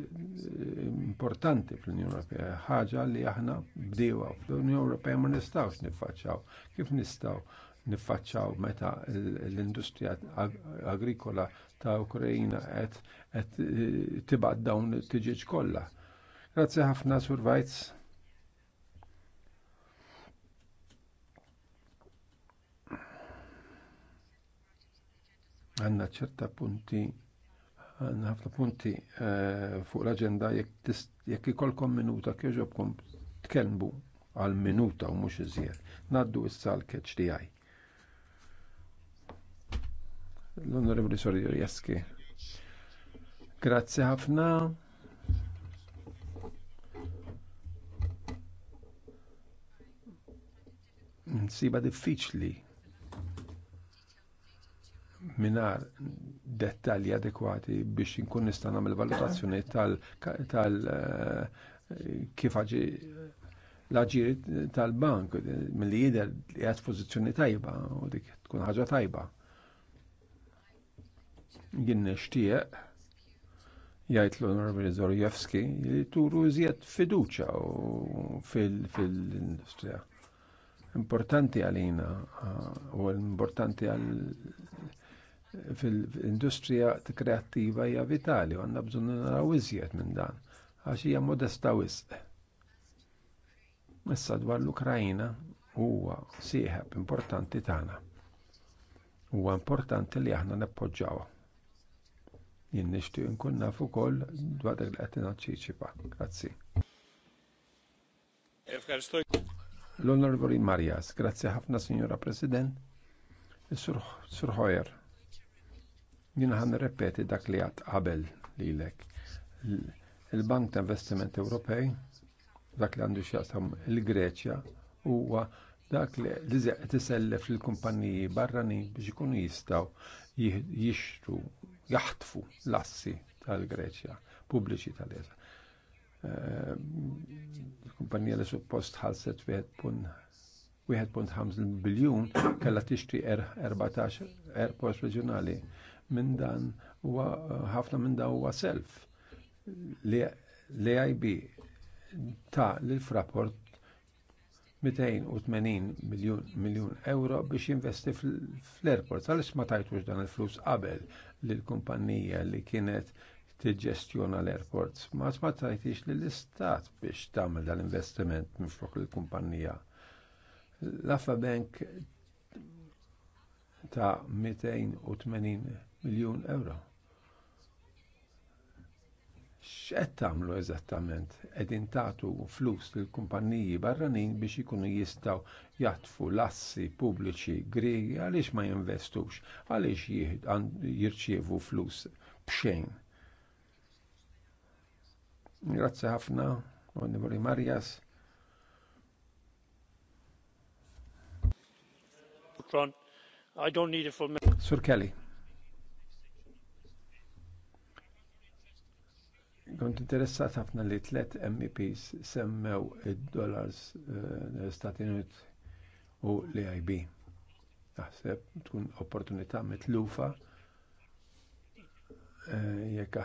importanti fl-Unjoni Ewropea, ħaġa li aħna bdiewa fl-Unjoni Ewropea ma nistgħux niffaċċaw. Kif nistgħu niffaċċaw meta l-industrija agrikola ta' Ukrajina qed eh, tibgħat dawn it-tiġiġ kollha. Grazzi ħafna Sur Vajz. Għanna ċerta punti għanna ħafna punti eh, fuq l-agenda jekk ikolkom minuta kieġobkom tkellmu għal minuta u mhux iżjed. Naddu issa l-keċ tiegħi l-Onorevoli Sorio Jeski. Grazie ħafna. Nsiba diffiċli minar dettalji adekwati biex inkun nistan għamil valutazzjoni tal, tal eh, kif ħaġi l-aġir tal-bank mill-li jider li għad pożizzjoni tajba u dik tkun ħagġa tajba. Jien nixtieq jgħid l-Onorevoli Zorjevski, li turu iżjed fiduċa fil-industrija. Importanti għalina uh, u importanti għal fil-industrija kreattiva hija vitali u għandna bżonn naraw iżjed minn dan għax hija modesta wisq. Issa dwar l ukrajina huwa sieħeb importanti tagħna. Huwa importanti li aħna nappoġġawha jien nixtieq nkun naf ukoll dwar dak li qed inaċċiċipa. Grazzi. L-Onorevoli Marjas, grazzi ħafna Sinjora President, Sur Hoyer. Jien ħan repeti dak li għad qabel lilek. Il-Bank ta' Investiment Ewropej, dak li għandu xjaqsam il-Greċja, huwa dak li t tisellef lill kumpanji barrani biex ikunu jistgħu jixtru jaħtfu l-assi tal-Greċja, pubbliċi tal-Esa. Eh, kumpanija li suppost ħalset 1.5 biljun kella tixtri 14 er- airports reġjonali. Minn dan huwa ħafna minn dan huwa self. L-AIB ta' l-fraport 280 miljun euro biex jinvesti fl-airport. Għalix ma tajtux dan il-flus qabel lill-kumpanija li kienet tiġġestjona l-airports. Ma sbattajtix li l-istat biex tagħmel dal-investiment minn fuq il-kumpanija. l affa Bank ta' 280 miljun euro x'qed tagħmlu eżattament? Qegħdin tagħtu flus lill kumpanniji barranin biex ikunu jistgħu jatfu lassi pubbliċi Griegi għaliex ma jinvestux, għaliex jirċievu flus b'xejn. Grazzi ħafna, Onorevoli Marjas. Sur Kelly. Kont interessat ħafna li tlet MEPs semmew id-dollars eh, l-Stati Unit u l-AIB. Naħseb tkun opportunità mitlufa eh, jekk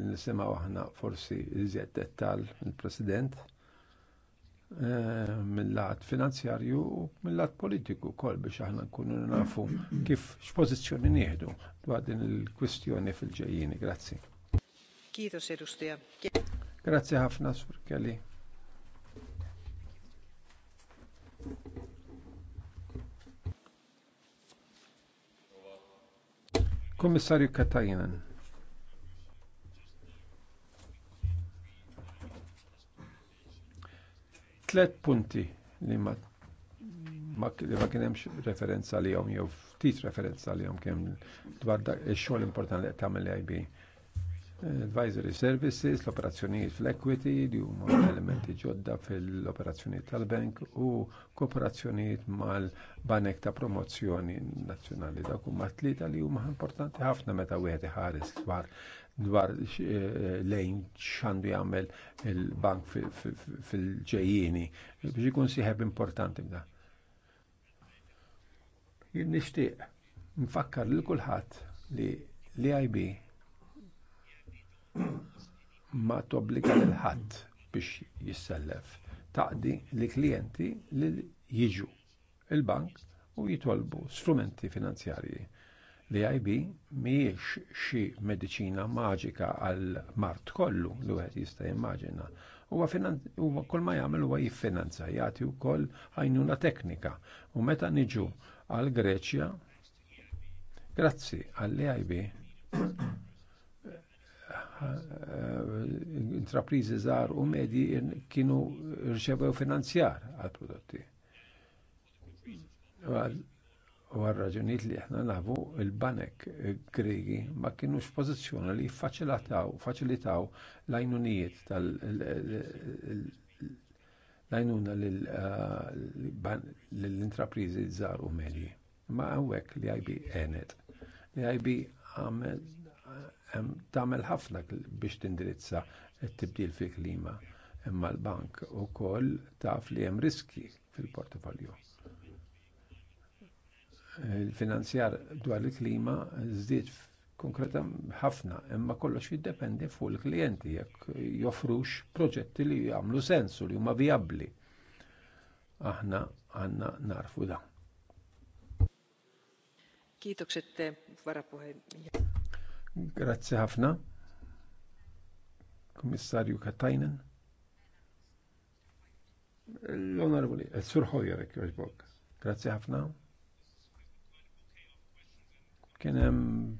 nisimgħu aħna forsi iżjed dettal il president eh, mill-lat finanzjarju u mill-lat politiku kol biex aħna nkunu nafu kif x'pożizzjoni nieħdu dwar din il-kwistjoni fil-ġejjini. Grazzi. Grazie ħafna sur Kelly. Kommissarju Katajinen. Tlet punti li ma ma kien referenza li jow ftit referenza li jom kemm dwar xol importan li qed li għajbi advisory services, l-operazzjonijiet fl-equity li huma elementi ġodda fil-operazzjonijiet tal-bank u kooperazzjonijiet mal-banek ta' promozzjoni nazzjonali dak huma tlieta li huma importanti ħafna meta wieħed iħares dwar dwar eh, lejn xandu jagħmel il-bank fil-ġejjieni biex ikun siħeb importanti b'da. Nixtieq nfakkar lil kulħadd li l-IB ma tobbliga lil ħadd biex jissellef. Taqdi li klijenti li jiġu il-bank u jitolbu strumenti finanzjarji. L-AIB mhijiex xi mediċina maġika għal mart kollu li wieħed jista' jimmaġina. Huwa huwa kull ma jagħmel huwa jiffinanza jagħti wkoll għajnuna teknika. U meta niġu għal Greċja, grazzi għall-AIB Eh, intraprizi żgħar u medji kienu rċevew finanzjar għal prodotti. U għal raġunijiet li aħna nafu il-banek Gregi ma kienux pozizjoni li faċilitaw faċilitaw l-għajnunijiet tal l eh, l-intraprizi żgħar u medji. Ma għawek li għajbi enet. Li għajbi għamel tagħmel ħafna biex tindirizza t-tibdil fil-klima. Imma l-bank ukoll taf li hemm riski fil-portfolio. Il-finanzjar dwar il-klima zdiet konkreta ħafna, imma kollox jiddependi fuq il-klijenti jekk joffrux proġetti li jagħmlu sensu li huma vijabbli. Aħna għandna narfu dan. Kiitokset varapuheenjohtaja. Grazzi ħafna. Kommissarju Katajnen. L-Onorevoli, eh, Sur Hoja jek Grazzi ħafna. Kien hemm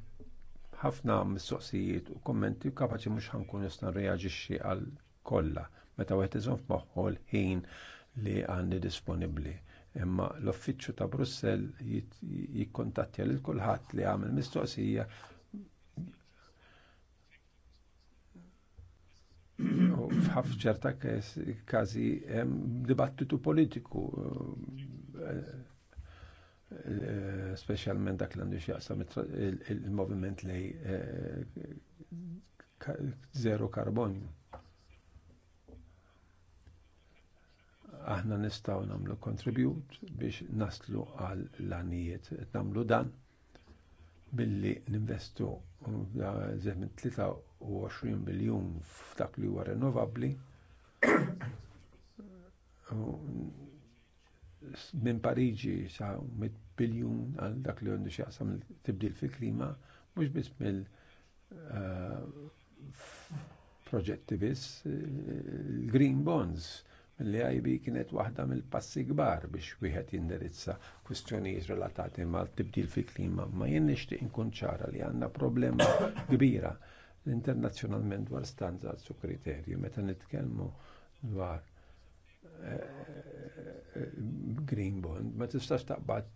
ħafna mistoqsijiet u kommenti u kapaċi mhux ħankun nista' nreaġixxi għal kollha meta wieħed iżomm f'moħħu ħin li għandi disponibbli. Imma l offiċċju ta' Brussell jikkontattja lil kulħadd li għamel mistoqsija u f'ħaf ċerta każi hemm dibattitu politiku eh, speċjalment dak l-għandu xjaqsam il-moviment li eh, zero karbonju. Aħna nistaw namlu kontribut biex naslu għal l-għanijiet. Namlu dan billi ninvestu 3 eh, u 20 biljun f'dak li huwa renovabbli minn Pariġi sa 100 biljun għal dak li għandu xaqsam tibdil fil-klima mhux biss mill eh, proġetti biss il-green bonds mill għajbi kienet waħda mill-passi kbar biex wieħed jindirizza kwistjonijiet relatati mal tibdil fil-klima, ma jien nixtieq inkun ċara li għandna problema kbira internazzjonalment dwar standards u kriterju. Meta nitkellmu dwar eh, eh, green bond, ma tistax taqbad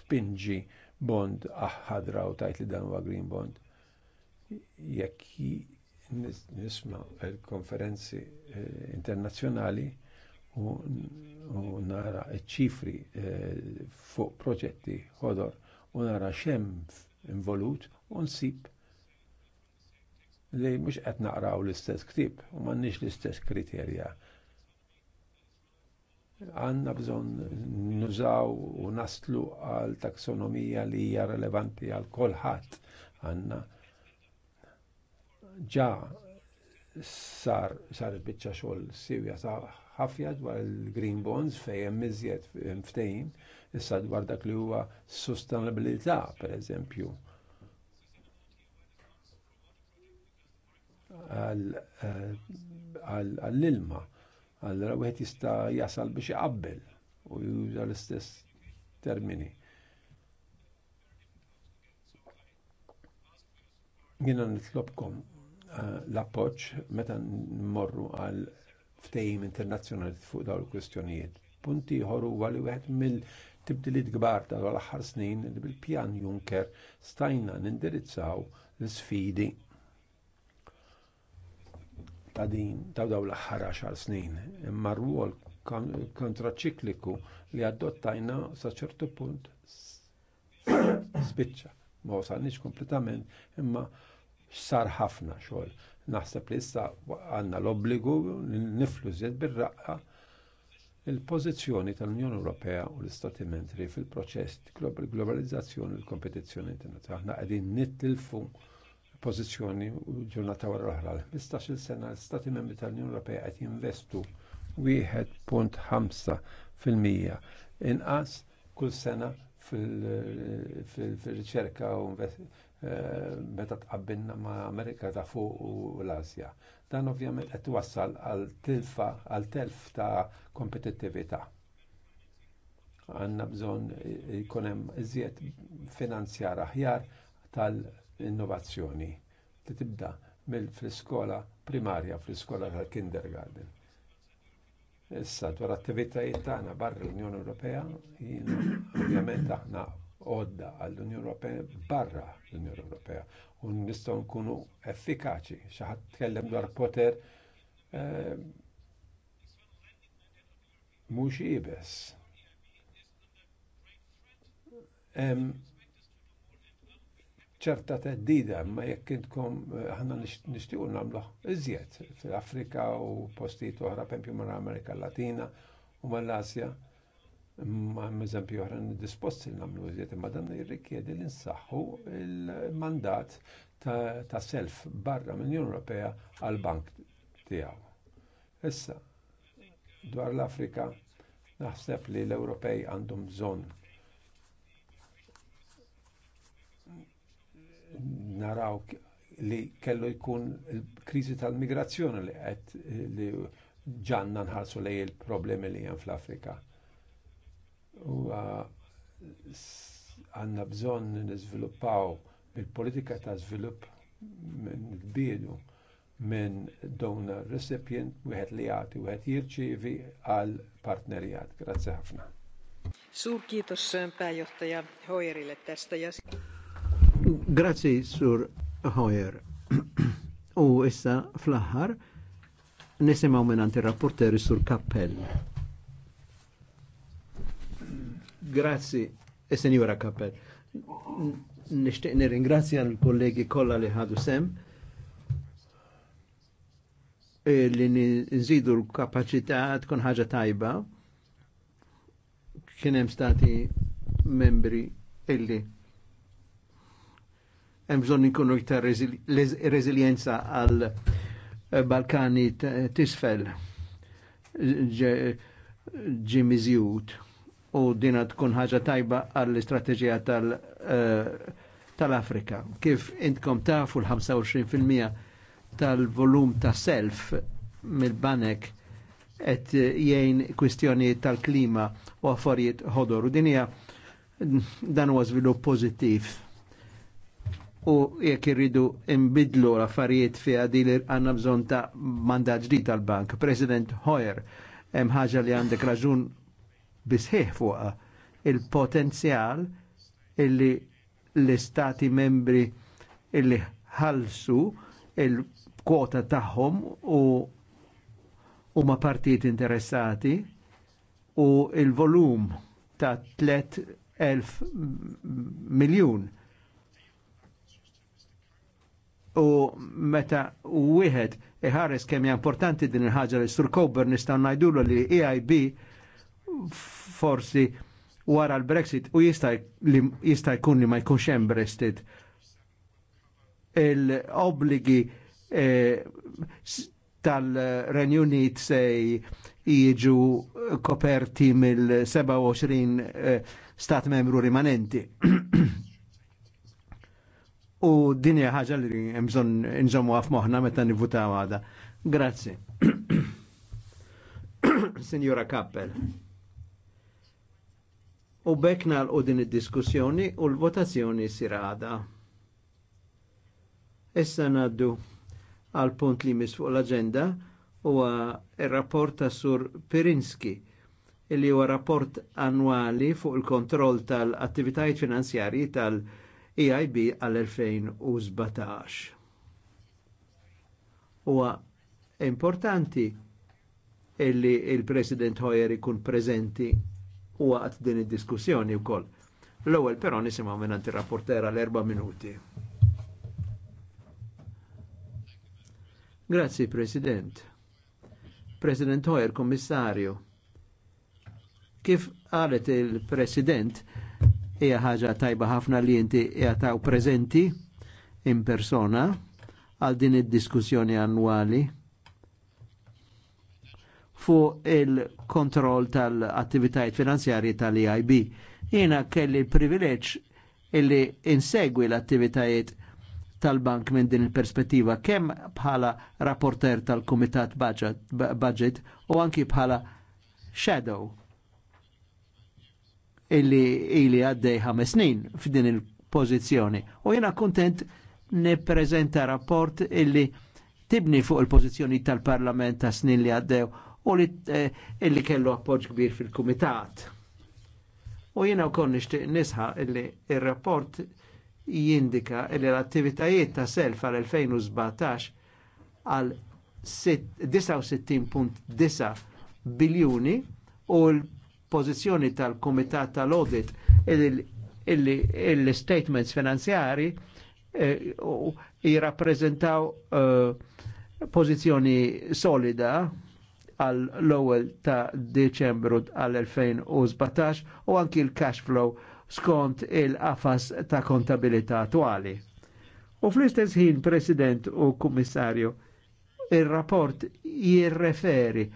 tpinġi bond aħħadra u tajt li dan huwa green bond. Jekk nisma il konferenzi eh, internazzjonali u, nara ċifri fuq proġetti ħodor u nara xemm involut u nsib li mhux qed naqraw l-istess ktieb u m'għandniex l-istess kriterja. Għanna bżon nużaw u naslu għal taksonomija li hija relevanti għal kolħat għanna ġa sar sar bieċa xogħol sewja sa ħafja dwar il-green bonds fejn miżjed ftehim issa dwar dak li huwa per pereżempju għall-ilma. Allora wieħed jista' jasal biex iqabbel u juża l-istess termini. Jiena nitlobkom eh, l-appoġġ meta mmorru għal ftehim internazzjonali fuq dawn il-kwistjonijiet. Punti ħoru għal li wieħed mill-tibdiliet kbar tal aħħar snin li bil-pjan Juncker stajna nindirizzaw l-sfidi ta' din ta' daw l-aħħar 10 snin. Imma rwol kontraċikliku li adottajna sa' ċertu punt spiċċa. Ma wasalniex kompletament imma sar ħafna xogħol. Naħseb li issa għandna l-obbligu niflu żied bir-raqqa il-pożizzjoni tal-Unjoni Ewropea u l-Istati Membri fil-proċess globalizzazzjoni u l-kompetizzjoni internazzjonali. Aħna qegħdin nittilfu pożizzjoni u ġurnata wara l-oħra. 15-il sena l-Stati Membri tal-Unjoni Ewropea qed jinvestu 1.5 fil-mija inqas kull sena fil-riċerka u eh, meta tqabbilna ma' Amerika ta' fuq u l-Asja. Dan ovvjament qed wassal għal tilfa għal telf ta' kompetittività. Għandna bżonn jkun hemm iżjed finanzjar aħjar tal innovazzjoni li tibda mill-fl-iskola primarja, fl-iskola tal-kindergarten. Issa dwar attivitajiet tagħna barra l-Unjoni Ewropea, ovvjament aħna għodda għall-Unjoni Ewropea barra l-Unjoni Ewropea u nistgħu nkunu effikaċi. Xi ħadd tkellem dwar poter eh, mhux ibes ċerta teddida, ma jekk intkom eh, ħanna nixtiequ nagħmlu iżjed fil-Afrika u postijiet oħra pempju mal Amerika Latina u mal-Asja. Ma eżempju oħra disposti nagħmlu iżjed, imma dan jirrikjedi li nsaħħu il-mandat ta' self barra minn unjoni Ewropea għal-bank tiegħu. Issa, dwar l-Afrika, naħseb li l-Ewropej għandhom bżonn naraw li kellu jkun il krizi tal-migrazzjoni li għed li ġanna nħarsu lej il-problemi li hemm fl-Afrika. U għandna bżonn niżviluppaw bil-politika ta' zvilupp minn bidu minn donor recipient u għed li għati u għed jirċivi għal partnerjat. Grazzi ħafna. Suur kiitos eh, pääjohtaja Hoyerille tästä. Grazzi, Sur Hoyer. [CLEARS THROAT] U issa fl-aħħar nisimgħu minn ir-rapporteri Sur Kappell. Grazzi, is e Senjora Kappell. Nixtieq nirringrazzja l-kollegi kollha li ħadu sem e li nżidu l-kapacità tkun ħaġa tajba kien hemm stati membri illi hemm bżonn inkunu iktar reżiljenza għal eh, Balkani tisfel ġi miżjud u dina tkun ħaġa tajba għall istrateġija eh, tal-Afrika. Kif intkom tafu l-25% tal-volum ta' self mill-banek et jgħin kwistjoni tal-klima u affarijiet ħodor. U dinja dan u żvilupp pożittiv u jekk irridu imbidlu l-affarijiet fi għadil għanna bżon ta' mandat ġdid tal-bank. President Hoyer, hemm ħaġa li għandek raġun bisħieħ fuqa il-potenzjal illi l-istati membri illi ħalsu il-kwota tagħhom u huma partijiet interessati u il-volum ta' 3,000 miljon u meta wieħed iħares kemm hija importanti din il-ħaġa li Sur Coburn nistgħu ngħidulu li EIB forsi wara l-Brexit u jista' jista' jkun li ma jkunx hemm Brexit il-obligi eh, tal-Renju Unit se jiġu koperti mill-27 eh, stat membru rimanenti. [CLEARS THROAT] u din hija ħaġa li hemm bżonn inżommu f'moħħna meta nivvutaw għada. Grazzi. [COUGHS] Signora Kappel. U bekna l din id-diskussjoni u l-votazzjoni sirada. Issa naddu għal punt li mis fuq l-agenda huwa r rapport ta' Sur Pirinski li huwa rapport annwali fuq il-kontroll tal-attivitajiet finanzjarji tal-, -attivitajiet tal EIB għal-2017. Huwa importanti illi il-President Hoyer ikun prezenti u għat din id-diskussjoni u koll. L-ewel però nisimaw minn il-rapportera għal erba minuti. Grazzi, President. President Hoyer, Kommissarju. Kif għalet il-President, hija ħaġa tajba ħafna li inti jataw prezenti in persona għal din id-diskussjoni annwali fuq il-kontroll tal-attivitajiet finanzjarji tal-EIB. Jiena kelli privileġġ illi insegwi l-attivitajiet tal-bank minn din il-perspettiva kemm bħala rapporter tal-Kumitat budget, budget u anki bħala shadow illi ili għaddej ħames snin f'din il-pożizzjoni. U jiena kuntent nippreżenta rapport illi tibni fuq il-pożizzjoni tal-Parlament ta' snin li għaddew u li eh, illi kellu appoġġ kbir fil-Kumitat. U jiena wkoll nixtieq nisħa illi ir-rapport jindika li l-attivitajiet ta' self għal 2017 għal 69.9 biljuni u l pożizzjoni tal-Kumitat tal-Audit il-statements finanzjari eh, jirrappreżentaw eh, pożizzjoni solida għal l-ewwel ta' Deċembru għal-2017 u anki l-cash flow skont il-qafas ta' kontabilità attwali. U fl-istess ħin, President u Kummissarju, il-rapport jirreferi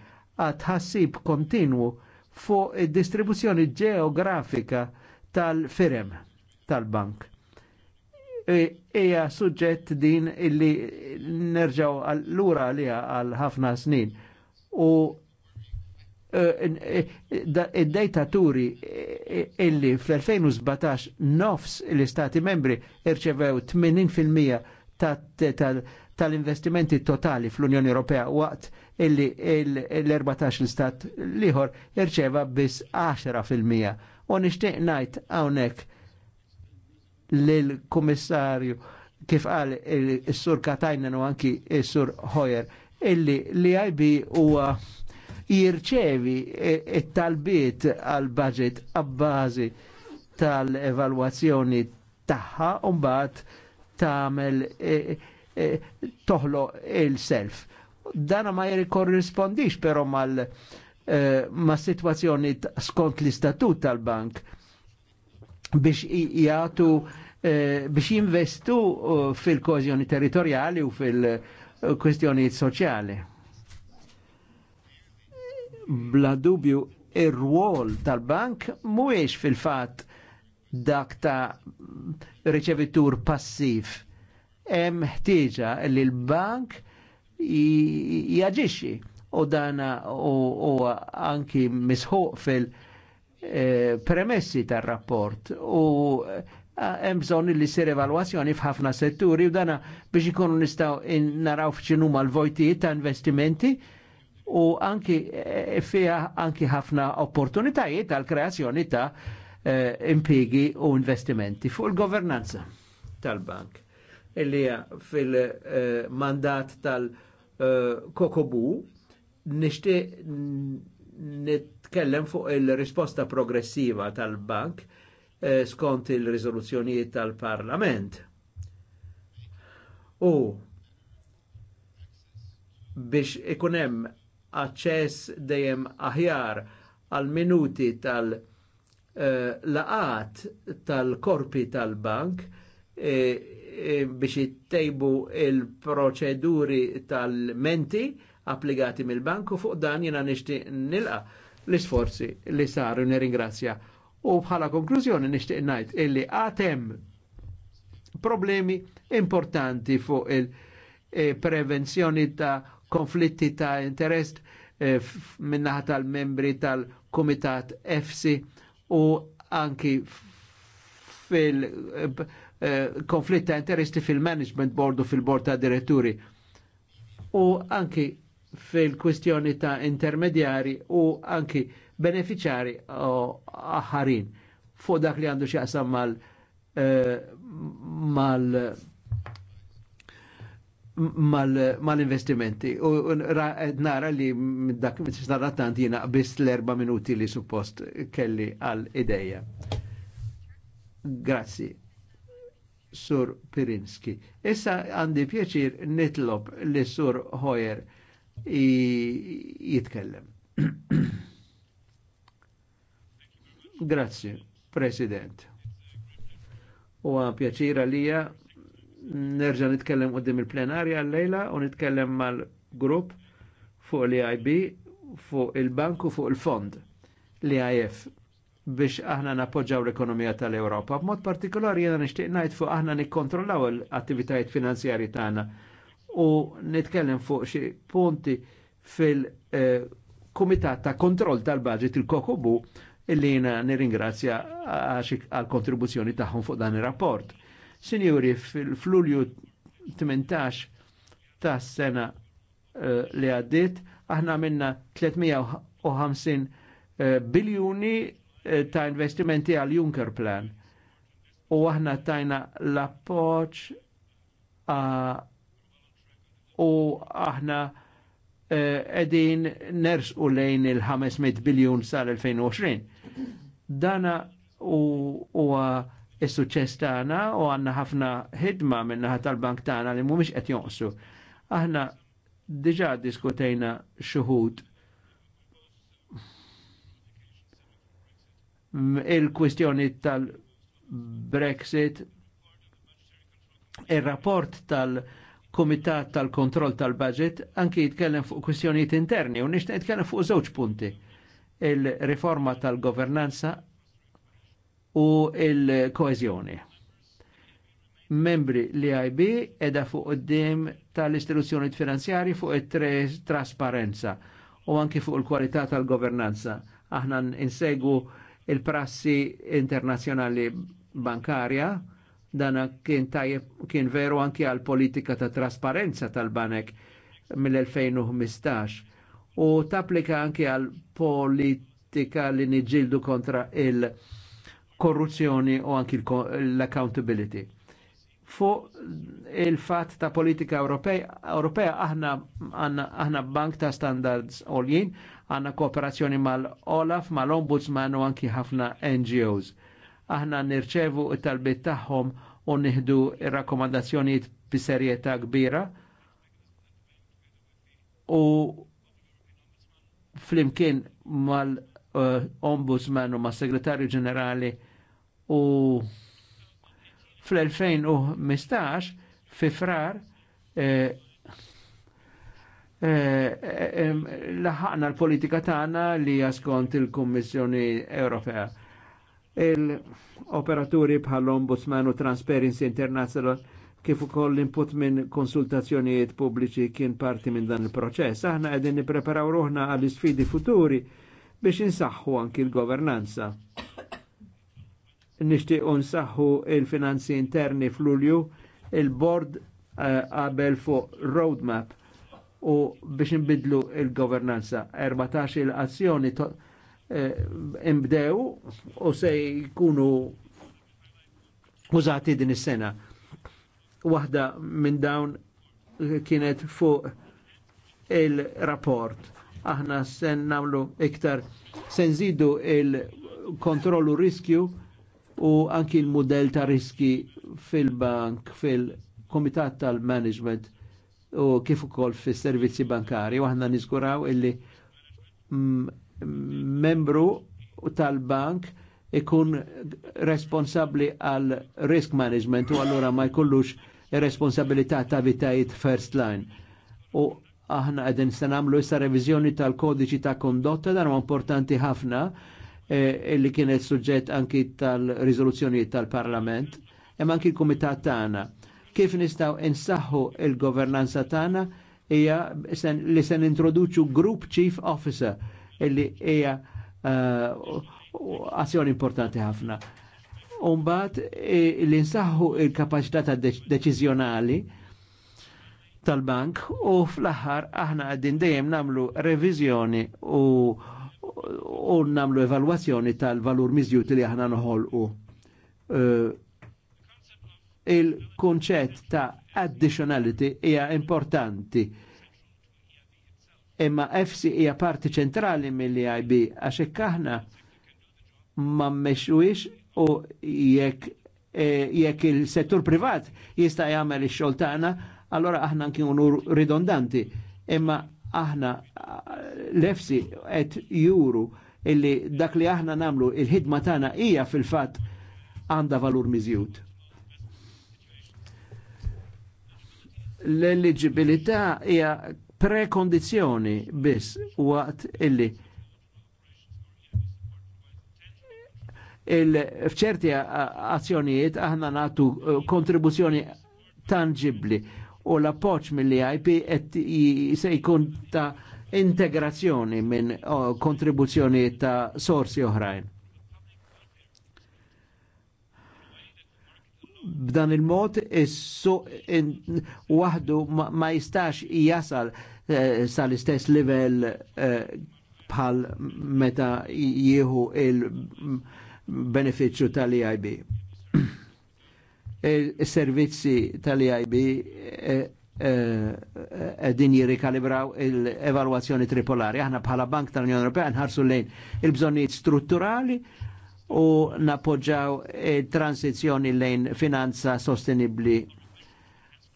għat ħassib kontinwu fuq id-distribuzzjoni ġeografika tal-firem tal-bank. E, eja e suġġett din illi nerġaw l-ura għalija għal ħafna snin u e, e, id-dejta turi illi fl-2017 nofs l-istati membri irċevew 80% tal-investimenti totali fl-Unjoni Ewropea waqt illi l-14 stat liħor irċeva bis 10% u nishtiq najt għawnek l-komissarju kif għal il-sur Katajnen u anki il-sur Hoyer illi li IB huwa jirċevi il talbiet għal budget għabbazi tal-evalwazzjoni taħħa un baħt tamel eh, eh, toħlo il-self dana ma jirrikorrispondix pero mal eh, ma situazzjoni skont l-istatut tal-bank biex jgħatu eh, biex jinvestu eh, fil-kozjoni territoriali u fil kwestjoni soċjali. Bla dubju ir-rwol tal-bank mhuwiex fil-fatt dak ta' riċevitur passiv. Hemm ħtieġa li l-bank jaġixxi u dana u anki misħuq fil- premessi tal rapport u hemm bżonn li sir evalwazzjoni f'ħafna setturi u dana biex ikunu nistgħu naraw f'xinu l vojtijiet ta' investimenti u anki fiha anki ħafna opportunitajiet għal kreazzjoni ta' impigi u investimenti fuq il-governanza tal-bank illi fil-mandat tal-Kokobu nishti nitkellem fuq il-risposta progressiva tal-bank eh, skont il-rizoluzzjonijiet tal-Parlament. U biex ikunem aċċess dejjem aħjar għal minuti tal- eh, laqat tal-korpi tal-bank eh, E, biex jittejbu il-proċeduri tal-menti applikati mill-banku fuq dan jena nishtiq nilqa l-isforzi li saru neringrazzja. U bħala konklużjoni nishtiq najt illi għatem problemi importanti fuq il-prevenzjoni e, ta' konflitti ta' interest e, minnaħa tal-membri tal-Komitat EFSI u anki fil- Eh, konflitt ta' interesti fil-management board u fil-board ta' diretturi. U anki fil-kwistjoni ta' intermedjari u anki beneficjari aħarin fuq dak li għandu xaqsam eh, mal mal mal-investimenti. U nara li dak nara tant jina bis l-erba minuti li suppost kelli għal-ideja. Grazie. Sur Pirinski. Issa għandi pjaċir nitlob li Sur Hoyer jitkellem. [CLEARS THROAT] Grazie, President. U għan għalija nerġa nitkellem dim il-plenarja l-lejla u nitkellem mal-grupp fuq l-IB, fuq il-banku, fuq il-fond, l-IF biex aħna napoġġaw l-ekonomija tal-Ewropa. B'mod partikolari jena nixtieq ngħid fuq aħna nikkontrollaw l-attivitajiet finanzjarji tagħna u nitkellem fuq xi punti fil-Kumitat eh, ta' Kontroll tal-Baġit il-Kokobu illi jena nirringrazzja għal kontribuzzjoni tagħhom fuq dan ir-rapport. Sinjuri, fil-Flulju 18 ta' sena eh, li għaddit, aħna minna 350 eh, biljuni Eh, ta' investimenti għal Juncker Plan. U aħna tajna l-appoċ u aħna eh, edin ners u lejn il-500 biljun sal-2020. Dana u il-suċess tagħna u għanna ħafna ħidma minnaħat tal-bank tagħna li mhumiex qed jonqsu. Aħna diġà diskutejna xuhud il-kwistjoni tal-Brexit, il-rapport tal-Komitat tal-Kontroll tal-Budget, anki jitkellem fuq kwistjonijiet interni, u nixtieq jitkellem fuq żewġ punti. il reforma tal-governanza u il-koezjoni. Membri li IB edha fuq id-dim tal-istituzzjoni finanzjari fuq it-trasparenza u anki fuq il-kwalità tal-governanza. Aħna insegu il-prassi internazjonali bankarja, dana kien, tajjeb kien veru anki għal politika ta' trasparenza tal-banek mill-2015 u tapplika anki għal politika li niġildu kontra il- korruzzjoni u anki l-accountability fuq il-fat ta' politika Ewropea aħna aħna bank ta' standards oljin, għanna kooperazzjoni mal-Olaf, mal-Ombudsman u anki ħafna NGOs. Aħna nirċevu it-talbit tagħhom u nieħdu rakkomandazzjonijiet b'serjetà kbira u flimkien mal-Ombudsman eh, u mas-Segretarju Ġenerali u fl-2015 fi frar eh, eh, eh laħaqna l-politika tagħna li jaskont il-Kummissjoni Ewropea. Il-operaturi bħall-Ombudsman u Transparency International kif ukoll l-input minn konsultazzjonijiet pubbliċi kien parti minn dan il-proċess. Aħna qegħdin nippreparaw ruħna għall isfidi futuri biex insaħħu anki l-governanza nishtiq unsaħħu il-finanzi interni fl-Ulju, il-bord eh, qabel fuq roadmap u biex nbidlu il-governanza. 14 il-azzjoni eh, imbdew u se jkunu użati din is-sena. Waħda minn dawn kienet fuq il-rapport. Aħna sen namlu iktar, sen zidu il-kontrollu riskju u anki l-modell ta' riski fil-bank, fil-komitat tal-management u kif ukoll fil servizzi bankari u aħna niżguraw illi mm, membru tal-bank ikun responsabli għal risk management u allura ma jkollux responsabilità ta' vitajiet first line. U aħna għedin se namlu issa revizjoni tal-kodiċi ta' kondotta dan huwa importanti ħafna Eh, li kienet suġġett anki tal-rizoluzzjoni tal-Parlament, imma anki l komitat tana. Kif nistaw insaħħu il-governanza tana, hija li sen introduċu Group Chief Officer illi hija eh, azzjoni importanti ħafna. Umbat eh, li nsaħħu il-kapacità ta' deċizjonali tal-bank u fl-aħħar aħna għaddin dejjem namlu revizjoni u u namlu evalwazzjoni tal-valur miżjut li aħna noħolqu. Uh, Il-konċett ta' additionality hija importanti. Imma FC hija parti ċentrali mill-IB għax hekk aħna ma mmexwix u jekk e, jekk il-settur privat jista' jagħmel ix-xogħol tagħna, allora aħna nkunu ridondanti. Imma aħna lefsi qed juru illi dak li aħna namlu il-ħidma tagħna hija fil-fatt għandha valur miżjud. L-eligibilità hija prekondizjoni biss waqt illi il fċerti azzjonijiet aħna natu eh, kontribuzzjoni tangibli u l-appoċ mill-EIP se jkun ta' integrazzjoni minn kontribuzzjoni ta' sorsi oħrajn. b'dan il-mod issu waħdu ma jistax jasal eh, sal-istess livell eh, bħal meta jieħu il-beneficju tal-EIB il-servizzi tal-IIB eh, eh, eh, din jirikalibraw il-evaluazzjoni tripolari. Aħna bħala Bank tal-Unjoni Ewropea nħarsu lejn il-bżonijiet strutturali u napoġġaw transizjoni lejn finanza sostenibli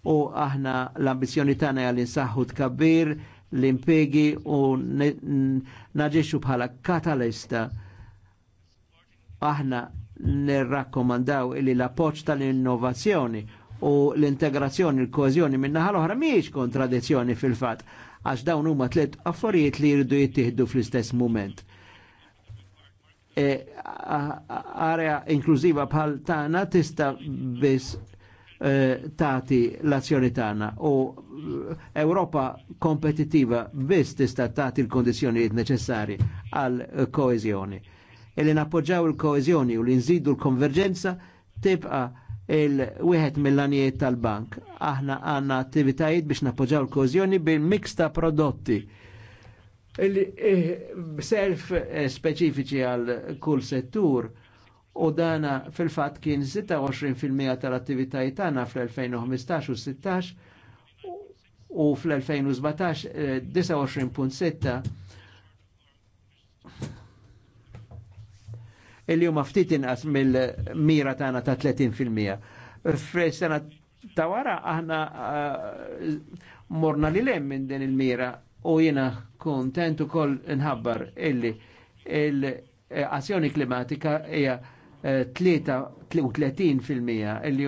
u aħna l-ambizjoni tagħna għal insaħħu tkabbir l-impegi u naġexxu bħala katalista aħna nirrakkomandaw li l-appoċ tal-innovazzjoni u l-integrazzjoni, l-kozjoni ħal oħra miex kontradizzjoni fil-fat, għax dawn huma tliet affarijiet li jridu jittieħdu fl-istess moment. E, area inklużiva bħal tana tista biss e, tati l-azzjoni tana u Europa kompetitiva biss tista tati l-kondizjonijiet necessari għal koezjoni li nappoġġaw il-koezjoni u li nżidu l-konverġenza tibqa il-wieħed mill-anijiet tal-bank. Aħna għanna attivitajiet biex nappoġġaw l-koezjoni bil-mix ta' prodotti eh, self eh, speċifiċi għal kull settur u dana fil-fat kien 26% tal-attivitajiet tagħna fl-2015 u 16 u fl-2017 29.6 eh, il huma ftit inqas mill-mira tagħna ta' 30%. Fis-sena ta' wara aħna eh, morna li lem minn din il-mira u jiena kontent ukoll nħabbar illi l-azzjoni klimatika hija 33% eh, illi